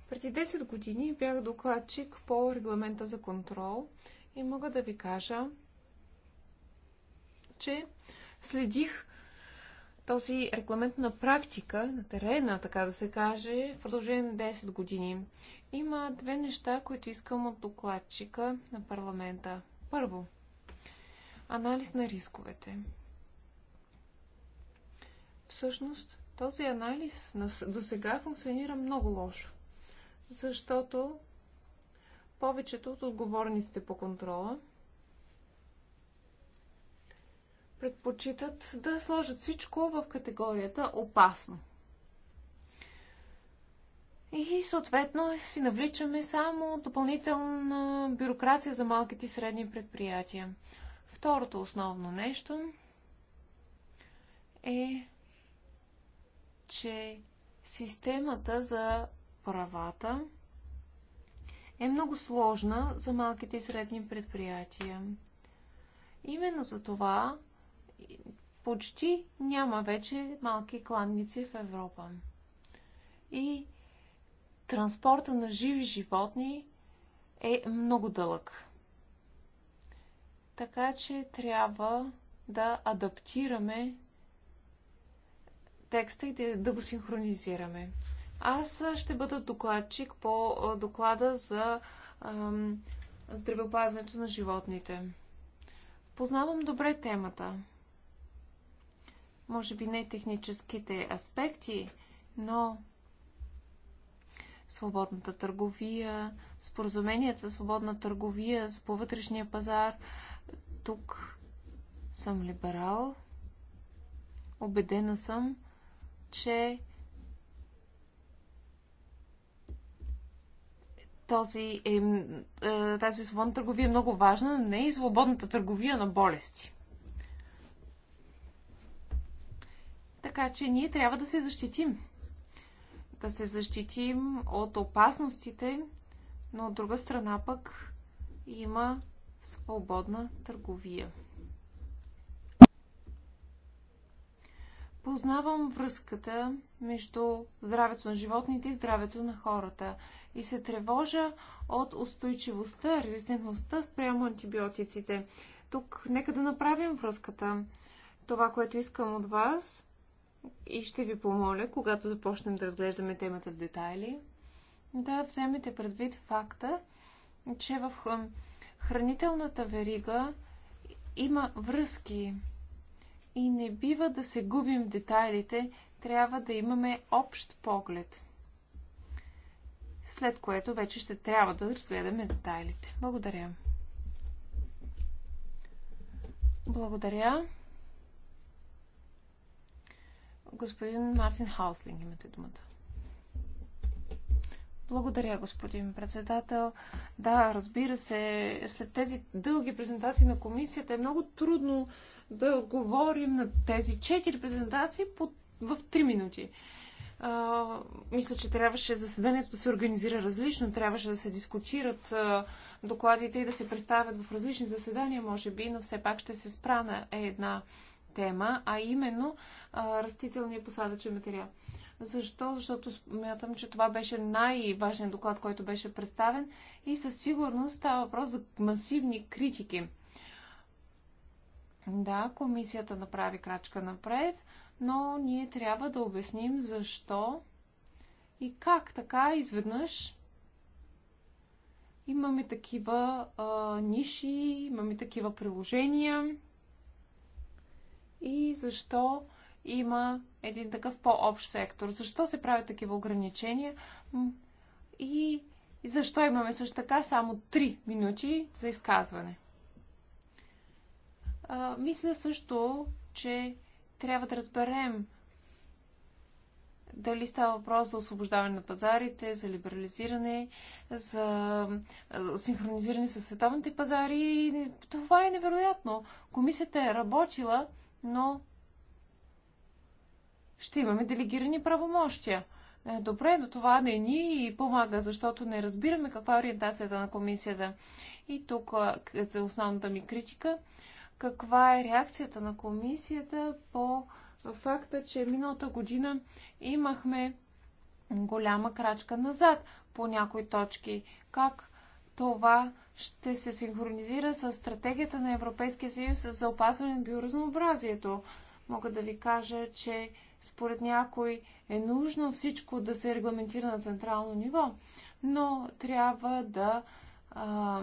Преди 10 години бях докладчик по регламента за контрол и мога да ви кажа, че следих този регламент на практика, на терена, така да се каже, в продължение на 10 години. Има две неща, които искам от докладчика на парламента. Първо, анализ на рисковете. Всъщност, този анализ до сега функционира много лошо, защото повечето от отговорниците по контрола предпочитат да сложат всичко в категорията опасно – и съответно си навличаме само допълнителна бюрокрация за малките и средни предприятия. Второто основно нещо е, че системата за правата е много сложна за малките и средни предприятия. Именно за това почти няма вече малки кланници в Европа. И транспорта на живи животни е много дълъг. Така че трябва да адаптираме текста и да го синхронизираме. Аз ще бъда докладчик по доклада за ам, здравеопазването на животните. Познавам добре темата. Може би не техническите аспекти, но свободната търговия, споразуменията свободна търговия, за по вътрешния пазар. Тук съм либерал. Обедена съм, че този е, е, тази свободна търговия е много важна, но не и свободната търговия на болести. Така че ние трябва да се защитим да се защитим от опасностите, но от друга страна пък има свободна търговия. Познавам връзката между здравето на животните и здравето на хората и се тревожа от устойчивостта, резистентността спрямо антибиотиците. Тук нека да направим връзката. Това, което искам от вас и ще ви помоля, когато започнем да разглеждаме темата в детайли, да вземете предвид факта, че в хранителната верига има връзки и не бива да се губим в детайлите, трябва да имаме общ поглед. След което вече ще трябва да разгледаме детайлите. Благодаря. Благодаря. Господин Мартин Хауслинг, имате думата. Благодаря, господин председател. Да, разбира се, след тези дълги презентации на комисията е много трудно да говорим на тези четири презентации в три минути. А, мисля, че трябваше заседанието да се организира различно, трябваше да се дискутират а, докладите и да се представят в различни заседания, може би, но все пак ще се спра на една тема, а именно растителния посадъчен материал. Защо? Защото смятам, че това беше най-важният доклад, който беше представен и със сигурност става въпрос за масивни критики. Да, комисията направи крачка напред, но ние трябва да обясним защо и как така изведнъж имаме такива а, ниши, имаме такива приложения и защо има един такъв по-общ сектор. Защо се правят такива ограничения и защо имаме също така само 3 минути за изказване. А, мисля също, че трябва да разберем дали става въпрос за освобождаване на пазарите, за либерализиране, за синхронизиране с световните пазари. Това е невероятно. Комисията е работила но ще имаме делегирани правомощия. Е, добре, до това не ни помага, защото не разбираме каква е ориентацията на комисията. И тук е основната ми критика. Каква е реакцията на комисията по факта, че миналата година имахме голяма крачка назад по някои точки? Как това ще се синхронизира с стратегията на Европейския съюз за опазване на биоразнообразието. Мога да ви кажа, че според някой е нужно всичко да се регламентира на централно ниво, но трябва да а,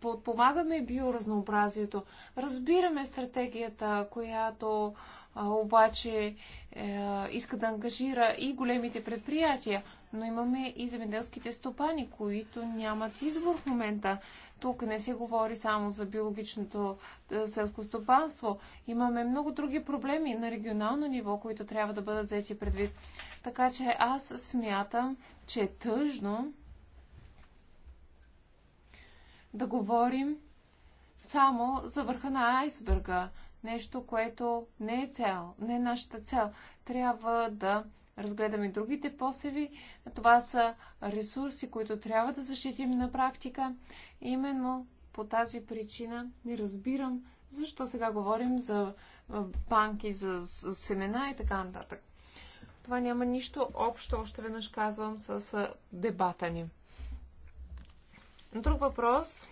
подпомагаме биоразнообразието. Разбираме стратегията, която а, обаче е, иска да ангажира и големите предприятия, но имаме и земеделските стопани, които нямат избор в момента. Тук не се говори само за биологичното е, селско стопанство. Имаме много други проблеми на регионално ниво, които трябва да бъдат взети предвид. Така че аз смятам, че е тъжно да говорим само за върха на айсберга. Нещо, което не е цел, не е нашата цел. Трябва да разгледаме другите посеви. Това са ресурси, които трябва да защитим на практика. Именно по тази причина не разбирам защо сега говорим за банки, за семена и така нататък. Това няма нищо общо, още веднъж казвам, с дебата ни. Друг въпрос.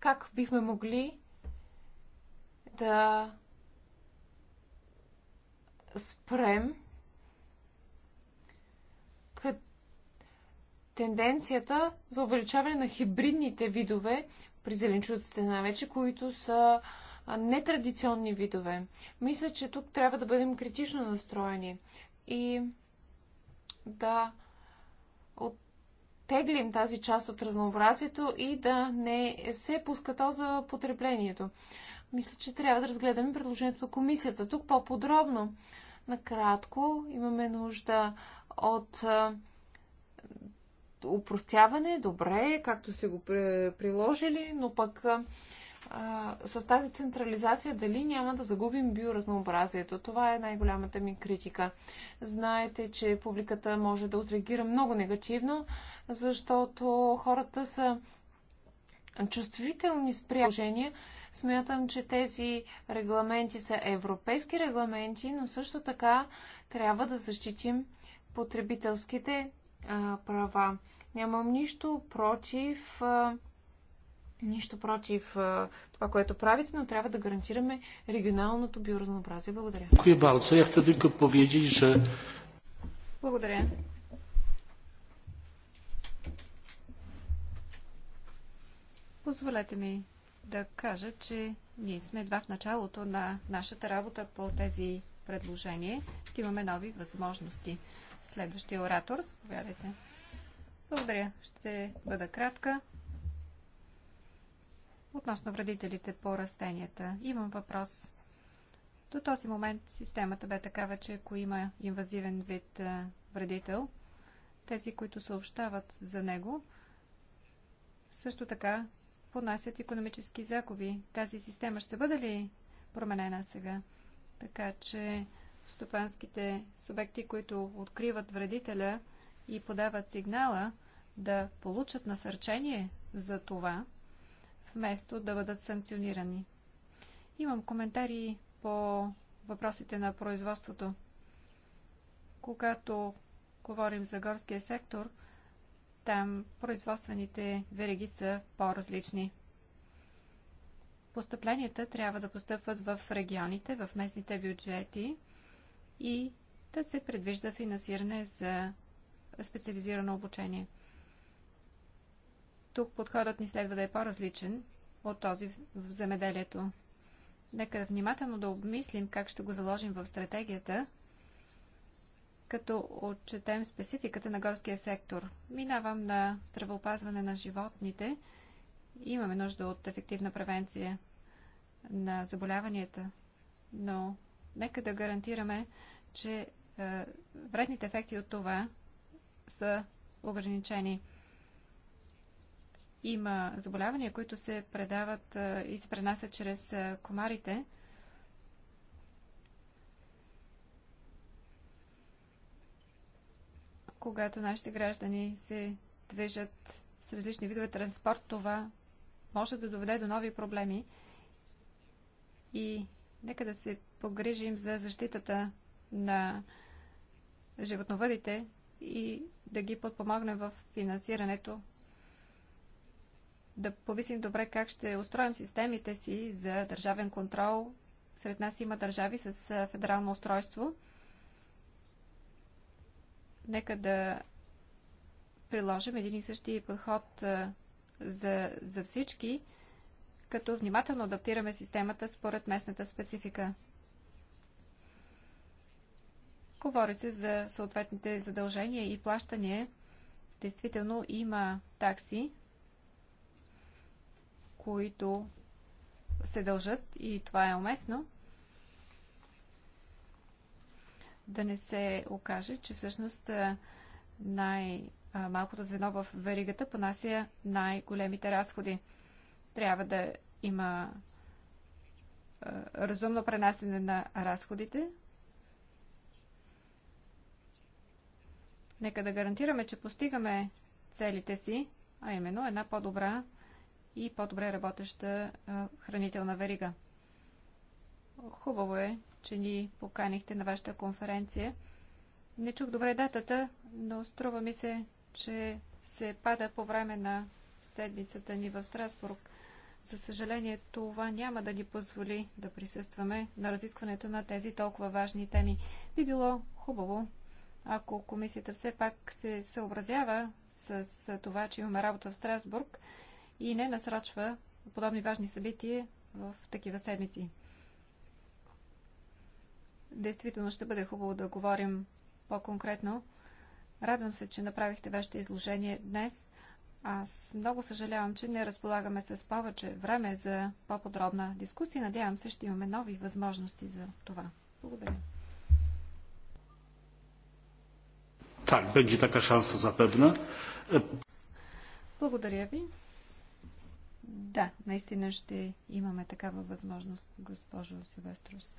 Как бихме могли да спрем кът... тенденцията за увеличаване на хибридните видове при зеленчуците най-вече, които са нетрадиционни видове. Мисля, че тук трябва да бъдем критично настроени и да оттеглим тази част от разнообразието и да не се пуска то за потреблението. Мисля, че трябва да разгледаме предложението на комисията тук по-подробно, Накратко имаме нужда от упростяване, добре, както сте го приложили, но пък а, с тази централизация дали няма да загубим биоразнообразието? Това е най-голямата ми критика. Знаете, че публиката може да отреагира много негативно, защото хората са чувствителни спрямо положения Смятам, че тези регламенти са европейски регламенти, но също така трябва да защитим потребителските а, права. Нямам нищо против. А, Нищо против а, това, което правите, но трябва да гарантираме регионалното биоразнообразие. Благодаря. Dziękuję bardzo. Ja chcę tylko powiedzieć, Благодаря. Позволете ми да кажа, че ние сме едва в началото на нашата работа по тези предложения. Ще имаме нови възможности. Следващия оратор, заповядайте. Благодаря. Ще бъда кратка. Относно вредителите по растенията, имам въпрос. До този момент системата бе такава, че ако има инвазивен вид вредител, тези, които съобщават за него, също така понасят економически загуби. Тази система ще бъде ли променена сега? Така че стопанските субекти, които откриват вредителя и подават сигнала, да получат насърчение за това, вместо да бъдат санкционирани. Имам коментари по въпросите на производството. Когато говорим за горския сектор – там производствените вериги са по-различни. Постъпленията трябва да постъпват в регионите, в местните бюджети и да се предвижда финансиране за специализирано обучение. Тук подходът ни следва да е по-различен от този в земеделието. Нека внимателно да обмислим как ще го заложим в стратегията – като отчетем спецификата на горския сектор. Минавам на здравеопазване на животните. Имаме нужда от ефективна превенция на заболяванията, но нека да гарантираме, че е, вредните ефекти от това са ограничени. Има заболявания, които се предават е, и се пренасят чрез е, комарите – когато нашите граждани се движат с различни видове транспорт, това може да доведе до нови проблеми. И нека да се погрижим за защитата на животновъдите и да ги подпомогнем в финансирането, да повисим добре как ще устроим системите си за държавен контрол. Сред нас има държави с федерално устройство – Нека да приложим един и същи подход за, за всички, като внимателно адаптираме системата според местната специфика. Говори се за съответните задължения и плащания. Действително има такси, които се дължат и това е уместно. да не се окаже, че всъщност най-малкото звено в веригата понася най-големите разходи. Трябва да има разумно пренасене на разходите. Нека да гарантираме, че постигаме целите си, а именно една по-добра и по-добре работеща хранителна верига. Хубаво е, че ни поканихте на вашата конференция. Не чух добре датата, но струва ми се, че се пада по време на седмицата ни в Страсбург. За съжаление, това няма да ни позволи да присъстваме на разискването на тези толкова важни теми. Би било хубаво, ако комисията все пак се съобразява с това, че имаме работа в Страсбург и не насрочва подобни важни събития в такива седмици. Действително ще бъде хубаво да говорим по-конкретно. Радвам се, че направихте вашето изложение днес. Аз много съжалявам, че не разполагаме с повече време за по-подробна дискусия. Надявам се, ще имаме нови възможности за това. Благодаря. Так, Tak, така шанса за педна. Благодаря ви. Да, наистина ще имаме такава възможност, госпожо Силвеструс.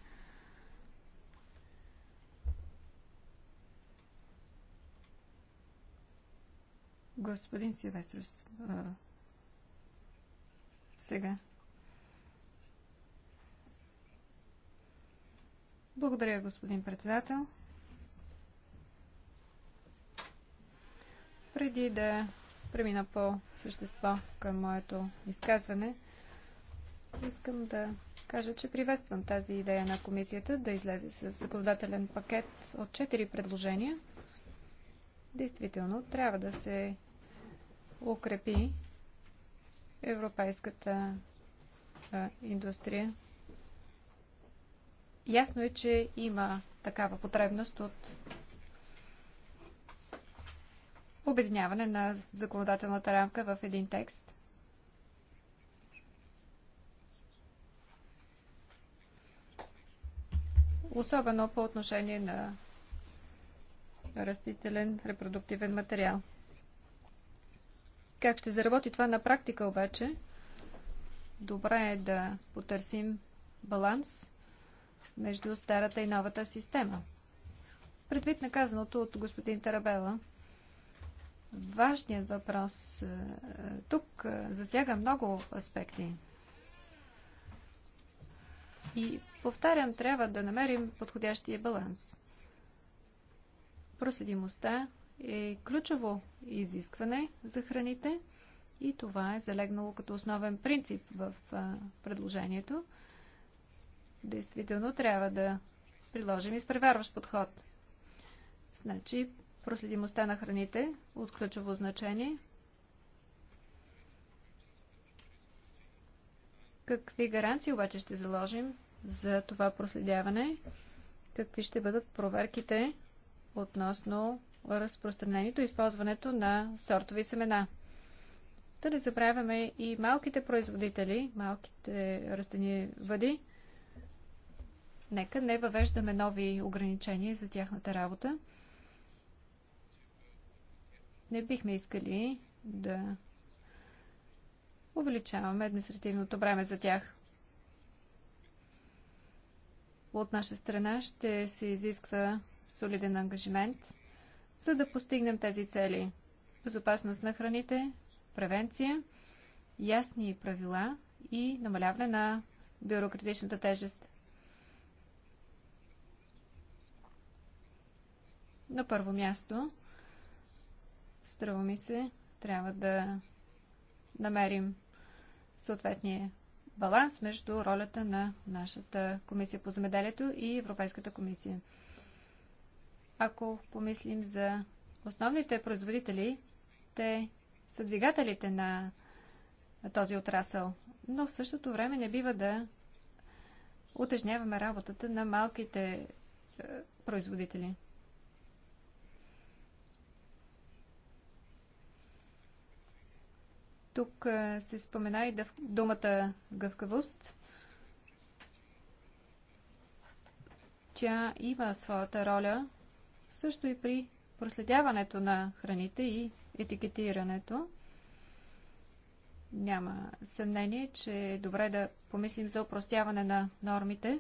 Господин Силвеструс, сега. Благодаря, господин председател. Преди да премина по същество към моето изказване, искам да кажа, че приветствам тази идея на комисията да излезе с законодателен пакет от четири предложения. Действително, трябва да се укрепи европейската а, индустрия. Ясно е, че има такава потребност от обединяване на законодателната рамка в един текст. Особено по отношение на растителен репродуктивен материал. Как ще заработи това на практика обаче? Добре е да потърсим баланс между старата и новата система. Предвид наказаното от господин Тарабела, важният въпрос е, тук е, засяга много аспекти. И повтарям, трябва да намерим подходящия баланс. Проследимостта е ключово изискване за храните и това е залегнало като основен принцип в предложението. Действително трябва да приложим изпреварващ подход. Значи, проследимостта на храните е от ключово значение. Какви гаранции обаче ще заложим за това проследяване? Какви ще бъдат проверките относно разпространението и използването на сортови семена. Да не забравяме и малките производители, малките растени въди. Нека не въвеждаме нови ограничения за тяхната работа. Не бихме искали да увеличаваме административното време за тях. От наша страна ще се изисква солиден ангажимент за да постигнем тези цели. Безопасност на храните, превенция, ясни правила и намаляване на бюрократичната тежест. На първо място, струва ми се, трябва да намерим съответния баланс между ролята на нашата комисия по земеделието и Европейската комисия. Ако помислим за основните производители, те са двигателите на този отрасъл. Но в същото време не бива да утежняваме работата на малките е, производители. Тук е, се спомена и думата гъвкавост. Тя има своята роля също и при проследяването на храните и етикетирането. Няма съмнение, че е добре да помислим за упростяване на нормите.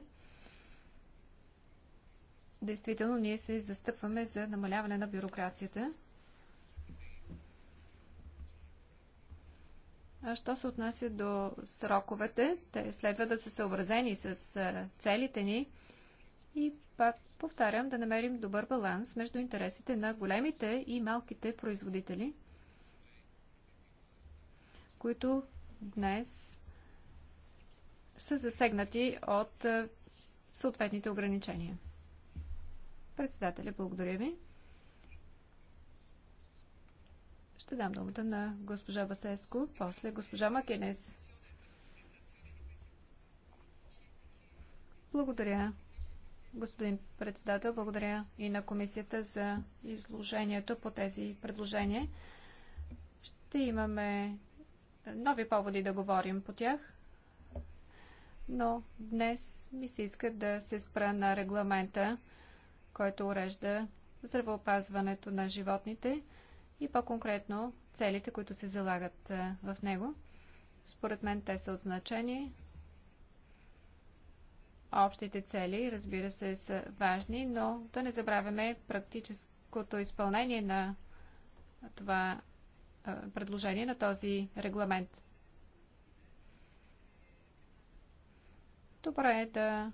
Действително, ние се застъпваме за намаляване на бюрокрацията. А що се отнася до сроковете, те следва да са съобразени с целите ни и пак повтарям, да намерим добър баланс между интересите на големите и малките производители, които днес са засегнати от съответните ограничения. Председателя, благодаря ви. Ще дам думата на госпожа Басеско, после госпожа Макенес. Благодаря, Господин председател, благодаря и на комисията за изложението по тези предложения. Ще имаме нови поводи да говорим по тях, но днес ми се иска да се спра на регламента, който урежда здравеопазването на животните и по-конкретно целите, които се залагат в него. Според мен те са от значение, Общите цели, разбира се, са важни, но да не забравяме практическото изпълнение на това предложение на този регламент. Добре е да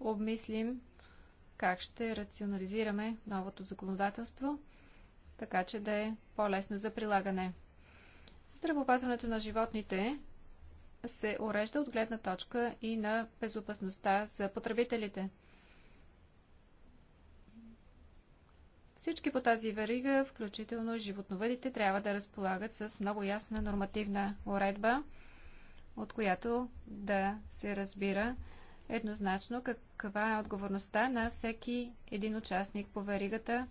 обмислим как ще рационализираме новото законодателство, така че да е по-лесно за прилагане. Здравопазването на животните се урежда от гледна точка и на безопасността за потребителите. Всички по тази верига, включително животновъдите, трябва да разполагат с много ясна нормативна уредба, от която да се разбира еднозначно каква е отговорността на всеки един участник по веригата,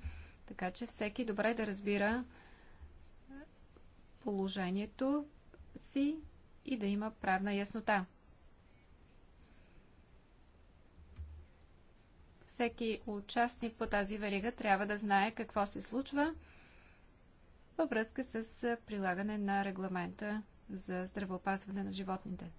така че всеки добре да разбира положението си и да има правна яснота. Всеки участник по тази верига трябва да знае какво се случва във връзка с прилагане на регламента за здравеопазване на животните.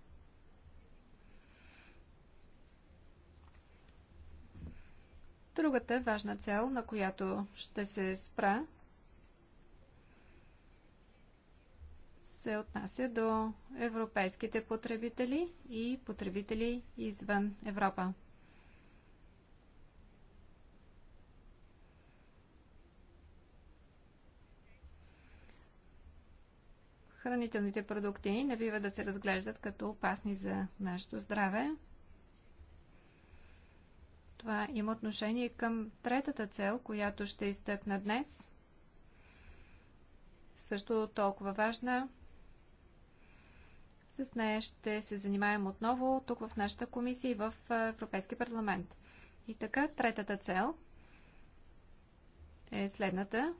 Другата важна цел, на която ще се спра, се отнася до европейските потребители и потребители извън Европа. Хранителните продукти не бива да се разглеждат като опасни за нашето здраве. Това има отношение към третата цел, която ще изтъкна днес. Също толкова важна – с нея ще се занимаем отново тук в нашата комисия и в Европейски парламент. И така, третата цел е следната.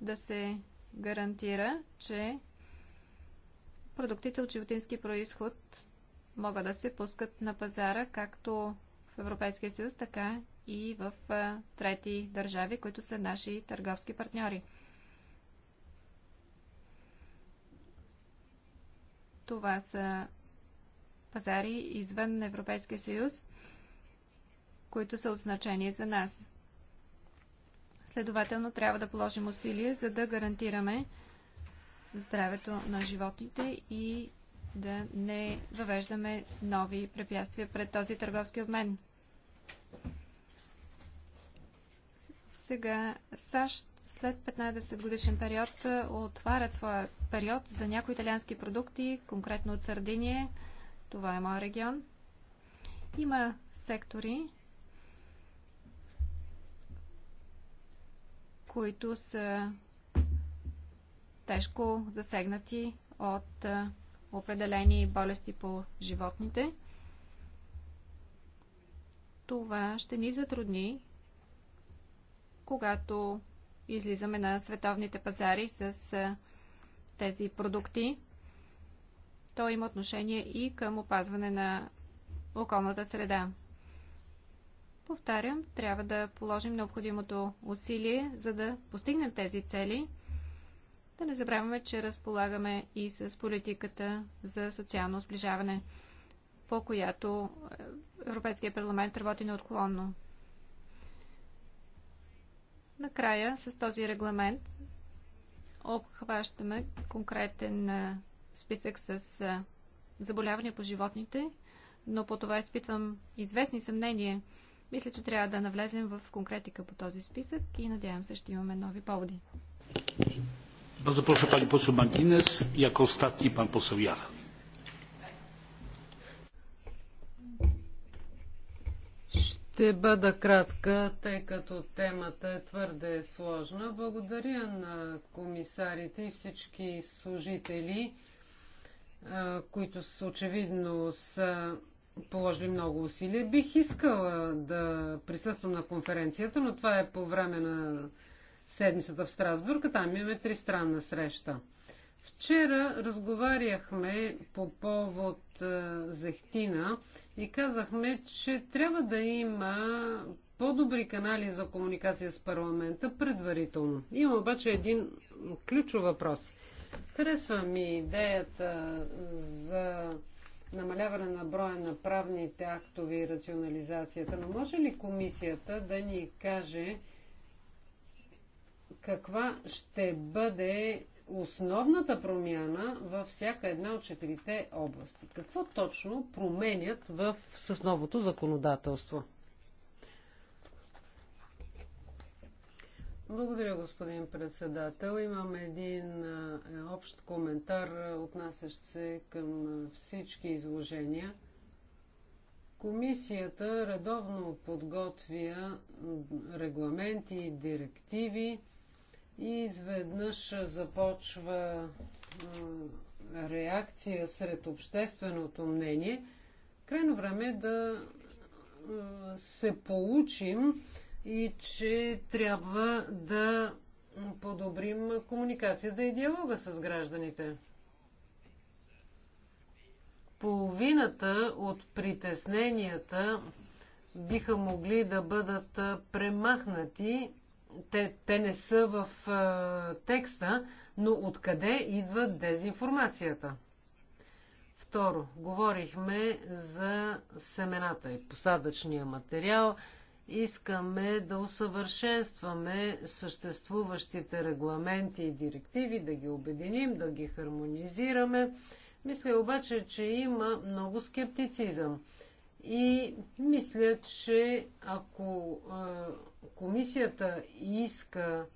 Да се гарантира, че продуктите от животински происход могат да се пускат на пазара, както в Европейския съюз, така и в трети държави, които са наши търговски партньори. Това са пазари извън Европейския съюз, които са от значение за нас. Следователно, трябва да положим усилия, за да гарантираме здравето на животните и да не въвеждаме нови препятствия пред този търговски обмен. Сега САЩ след 15 годишен период е, отварят своя период за някои италиански продукти, конкретно от Сардиния. Това е моят регион. Има сектори, които са тежко засегнати от е, определени болести по животните. Това ще ни затрудни, когато излизаме на световните пазари с тези продукти. То има отношение и към опазване на околната среда. Повтарям, трябва да положим необходимото усилие, за да постигнем тези цели. Да не забравяме, че разполагаме и с политиката за социално сближаване, по която е, Европейския парламент работи неотклонно. Накрая с този регламент обхващаме конкретен списък с заболявания по животните, но по това изпитвам известни съмнения. Мисля, че трябва да навлезем в конкретика по този списък и надявам се, ще имаме нови поводи. Bardzo proszę pani poseł Martinez, jako ostatni pan poseł Jara. Ще бъда кратка, тъй като темата е твърде сложна. Благодаря на комисарите и всички служители, които очевидно са положили много усилия. Бих искала да присъствам на конференцията, но това е по време на седмицата в Страсбург, а там имаме тристранна среща. Вчера разговаряхме по повод зехтина и казахме, че трябва да има по-добри канали за комуникация с парламента предварително. Има обаче един ключов въпрос. Харесва ми идеята за намаляване на броя на правните актове и рационализацията, но може ли комисията да ни каже каква ще бъде основната промяна във всяка една от четирите области. Какво точно променят в, с новото законодателство? Благодаря, господин председател. Имам един е, общ коментар, отнасящ се към всички изложения. Комисията редовно подготвя регламенти и директиви, и изведнъж започва реакция сред общественото мнение. Крайно време е да се получим и че трябва да подобрим комуникацията и диалога с гражданите. Половината от притесненията биха могли да бъдат премахнати те, те не са в а, текста, но откъде идва дезинформацията? Второ, говорихме за семената и посадъчния материал. Искаме да усъвършенстваме съществуващите регламенти и директиви, да ги обединим, да ги хармонизираме. Мисля обаче, че има много скептицизъм. И мисля, че ако комисията иска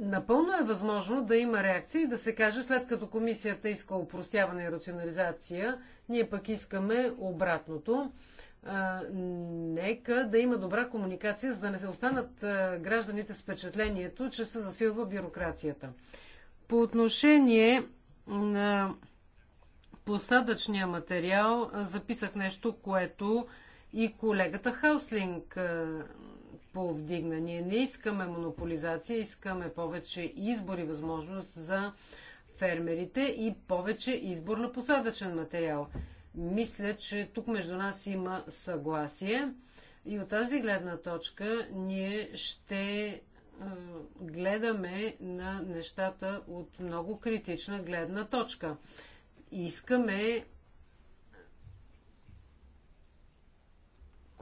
напълно е възможно да има реакция и да се каже, след като комисията иска упростяване и рационализация, ние пък искаме обратното. А, нека да има добра комуникация, за да не се останат гражданите с впечатлението, че се засилва бюрокрацията. По отношение на посадъчния материал, записах нещо, което и колегата Хауслинг е, повдигна. Ние не искаме монополизация, искаме повече избор и възможност за фермерите и повече избор на посадъчен материал. Мисля, че тук между нас има съгласие и от тази гледна точка ние ще е, гледаме на нещата от много критична гледна точка. Искаме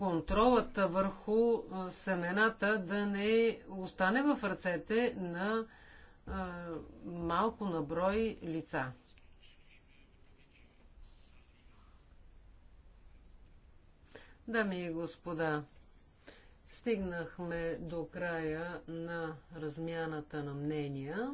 контролът върху семената да не остане в ръцете на малко наброй лица. Дами и господа, стигнахме до края на размяната на мнения.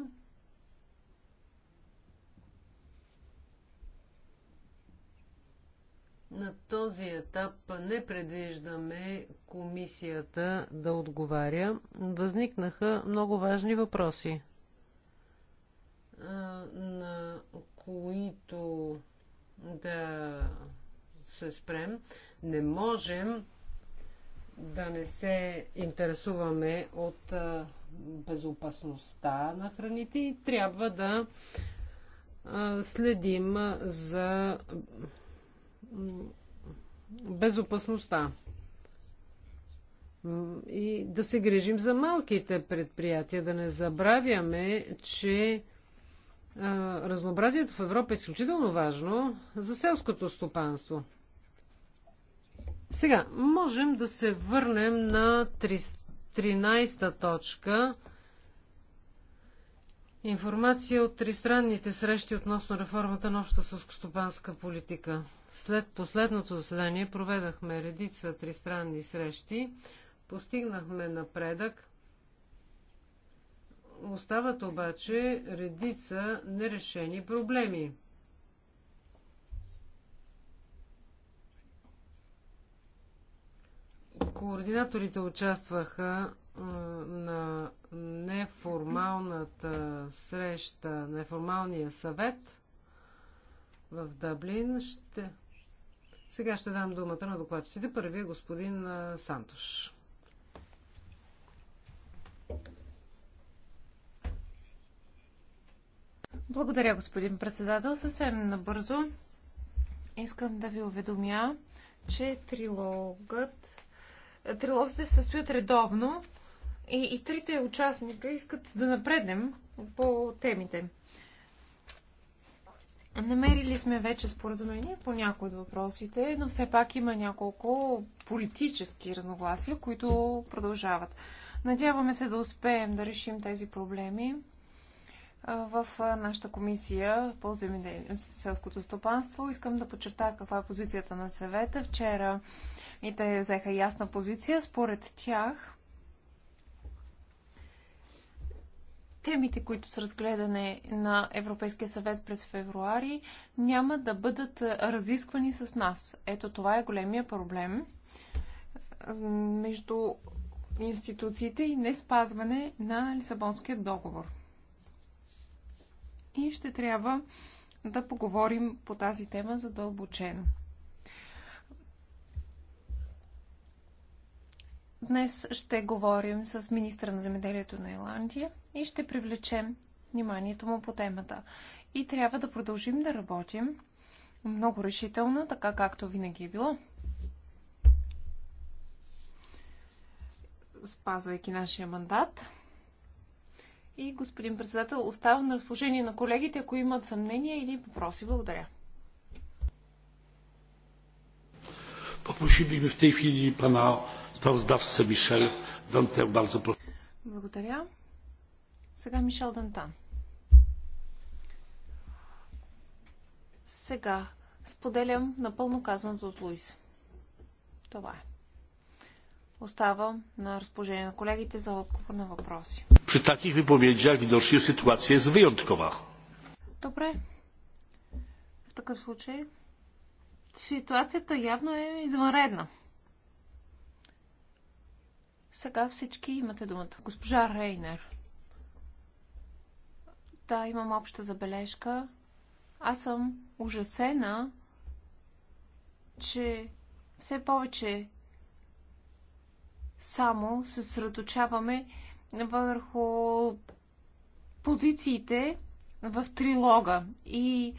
На този етап не предвиждаме комисията да отговаря. Възникнаха много важни въпроси, на които да се спрем. Не можем да не се интересуваме от безопасността на храните и трябва да следим за безопасността и да се грижим за малките предприятия, да не забравяме, че а, разнообразието в Европа е изключително важно за селското стопанство. Сега, можем да се върнем на 13-та точка. Информация от тристранните срещи относно реформата на обща селскостопанска политика. След последното заседание проведахме редица тристранни срещи, постигнахме напредък. Остават обаче редица нерешени проблеми. Координаторите участваха на неформалната среща, неформалния съвет в Дъблин. Ще, сега ще дам думата на докладчиците. Първият е господин Сантош. Благодаря, господин председател. Съвсем набързо искам да ви уведомя, че трилогът... Трилозите се състоят редовно и, и трите участника искат да напреднем по темите. Намерили сме вече споразумение по някои от въпросите, но все пак има няколко политически разногласия, които продължават. Надяваме се да успеем да решим тези проблеми в нашата комисия по селското стопанство. Искам да подчертая каква е позицията на съвета. Вчера и те взеха ясна позиция. Според тях темите, които са разгледане на Европейския съвет през февруари, няма да бъдат разисквани с нас. Ето това е големия проблем между институциите и не спазване на Лисабонския договор. И ще трябва да поговорим по тази тема задълбочено. Днес ще говорим с министра на земеделието на Ирландия и ще привлечем вниманието му по темата. И трябва да продължим да работим много решително, така както винаги е било. Спазвайки нашия мандат. И, господин председател, оставам на разположение на колегите, ако имат съмнения или въпроси. Благодаря. Попросили в тези хвили пана Sprawozdawcę Michel Dante, bardzo proszę. Благодаря. Сега Мишел Дантан. Сега споделям напълно казаното от Луис. Това е. Оставам на разположение на колегите за отговор на въпроси. При таких виповедях widocznie ситуация е wyjątkowa. Добре. В такъв случай ситуацията явно е извънредна. Сега всички имате думата. Госпожа Рейнер. Да, имам обща забележка. Аз съм ужасена, че все повече само се средочаваме върху позициите в трилога, и,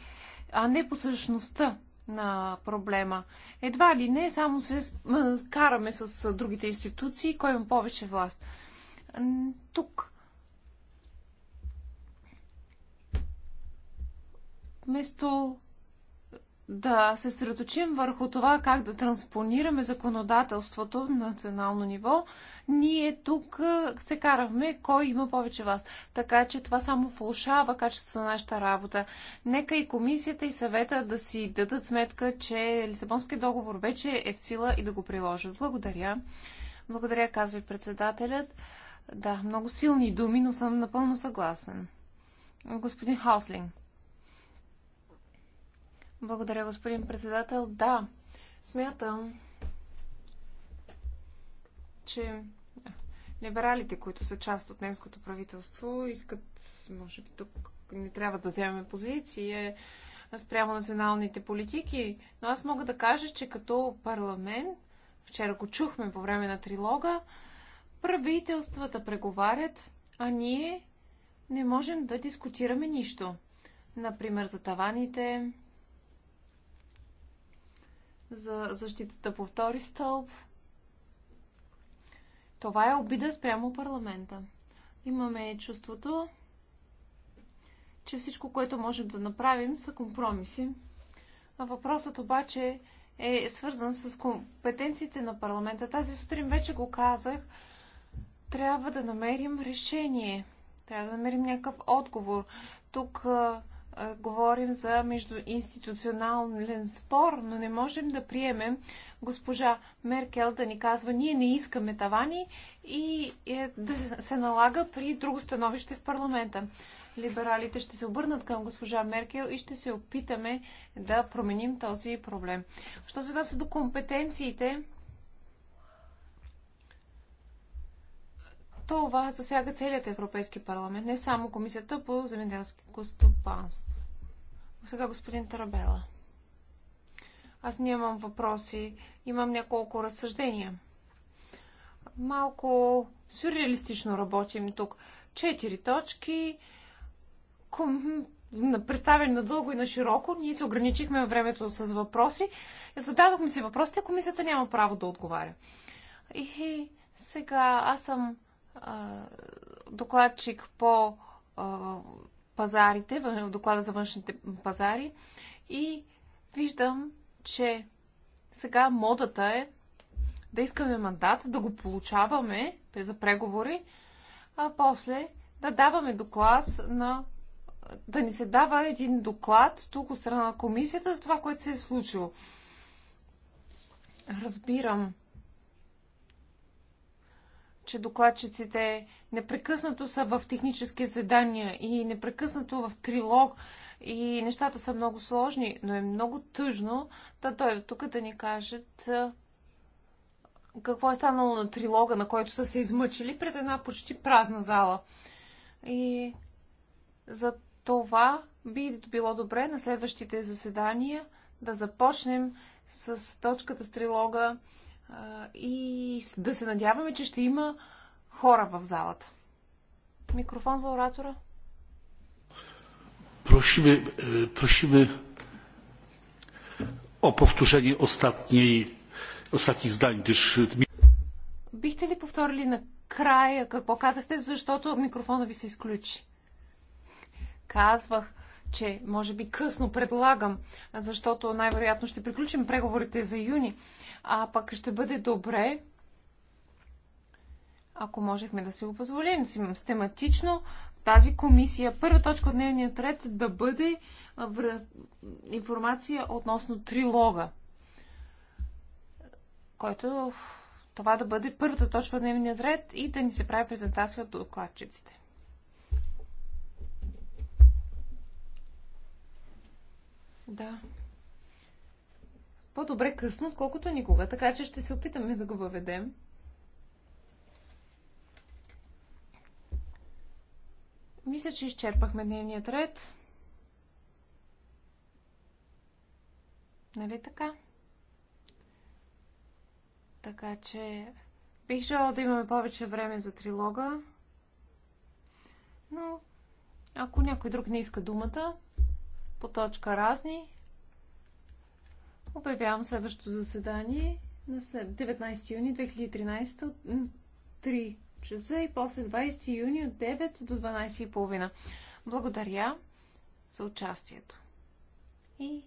а не по същността на проблема. Едва ли не, само се караме с другите институции, кой има повече власт. Тук. Вместо да се средоточим върху това как да транспонираме законодателството на национално ниво, ние тук се карахме кой има повече вас. Така че това само влушава качеството на нашата работа. Нека и комисията и съвета да си дадат сметка, че Лисабонския договор вече е в сила и да го приложат. Благодаря. Благодаря, казва и председателят. Да, много силни думи, но съм напълно съгласен. Господин Хауслинг. Благодаря, господин председател. Да, смятам, че либералите, които са част от немското правителство, искат, може би тук не трябва да вземем позиции спрямо националните политики, но аз мога да кажа, че като парламент, вчера го чухме по време на трилога, правителствата преговарят, а ние не можем да дискутираме нищо. Например, за таваните, за защитата по втори стълб. Това е обида спрямо парламента. Имаме чувството, че всичко, което можем да направим, са компромиси. А въпросът обаче е свързан с компетенциите на парламента. Тази сутрин вече го казах. Трябва да намерим решение. Трябва да намерим някакъв отговор. Тук говорим за междуинституционален спор, но не можем да приемем госпожа Меркел да ни казва ние не искаме тавани и е, да се налага при друго становище в парламента. Либералите ще се обърнат към госпожа Меркел и ще се опитаме да променим този проблем. Що се отнася до компетенциите, Това засяга целият Европейски парламент, не само Комисията по земеделско стопанство. Сега господин Тарабела. Аз нямам въпроси, имам няколко разсъждения. Малко сюрреалистично работим тук. Четири точки, ком... представени надълго и на широко. Ние се ограничихме времето с въпроси. Зададохме си въпросите, комисията няма право да отговаря. И сега аз съм докладчик по пазарите, в доклада за външните пазари и виждам, че сега модата е да искаме мандат, да го получаваме за преговори, а после да даваме доклад на да ни се дава един доклад тук от страна на комисията за това, което се е случило. Разбирам че докладчиците непрекъснато са в технически задания и непрекъснато в трилог и нещата са много сложни, но е много тъжно да дойдат тук да ни кажат какво е станало на трилога, на който са се измъчили пред една почти празна зала. И за това би било добре на следващите заседания да започнем с точката с трилога и да се надяваме, че ще има хора в залата. Микрофон за оратора. Prosimy, е, о повторение powtórzenie ostatniej, ostatnich zdań, gdyż... Бихте ли повторили накрая какво казахте, защото микрофона ви се изключи? Казвах, че може би късно предлагам, защото най-вероятно ще приключим преговорите за юни, а пък ще бъде добре, ако можехме да си го позволим, с тематично тази комисия, първа точка от дневния ред да бъде информация относно трилога, който това да бъде първата точка от дневния ред и да ни се прави презентация от докладчиците. Да. По-добре късно, отколкото никога. Така че ще се опитаме да го въведем. Мисля, че изчерпахме дневният ред. Нали така? Така че бих желала да имаме повече време за трилога. Но ако някой друг не иска думата, по точка разни. Обявявам следващото заседание на 19 юни 2013 от 3 часа и после 20 юни от 9 до 12.30. Благодаря за участието и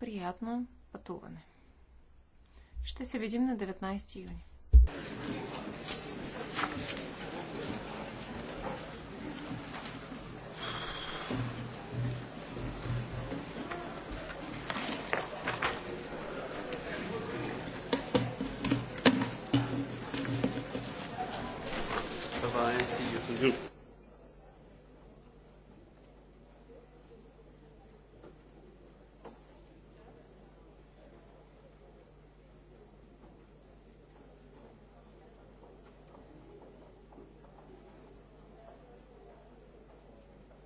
приятно пътуване. Ще се видим на 19 юни. to do.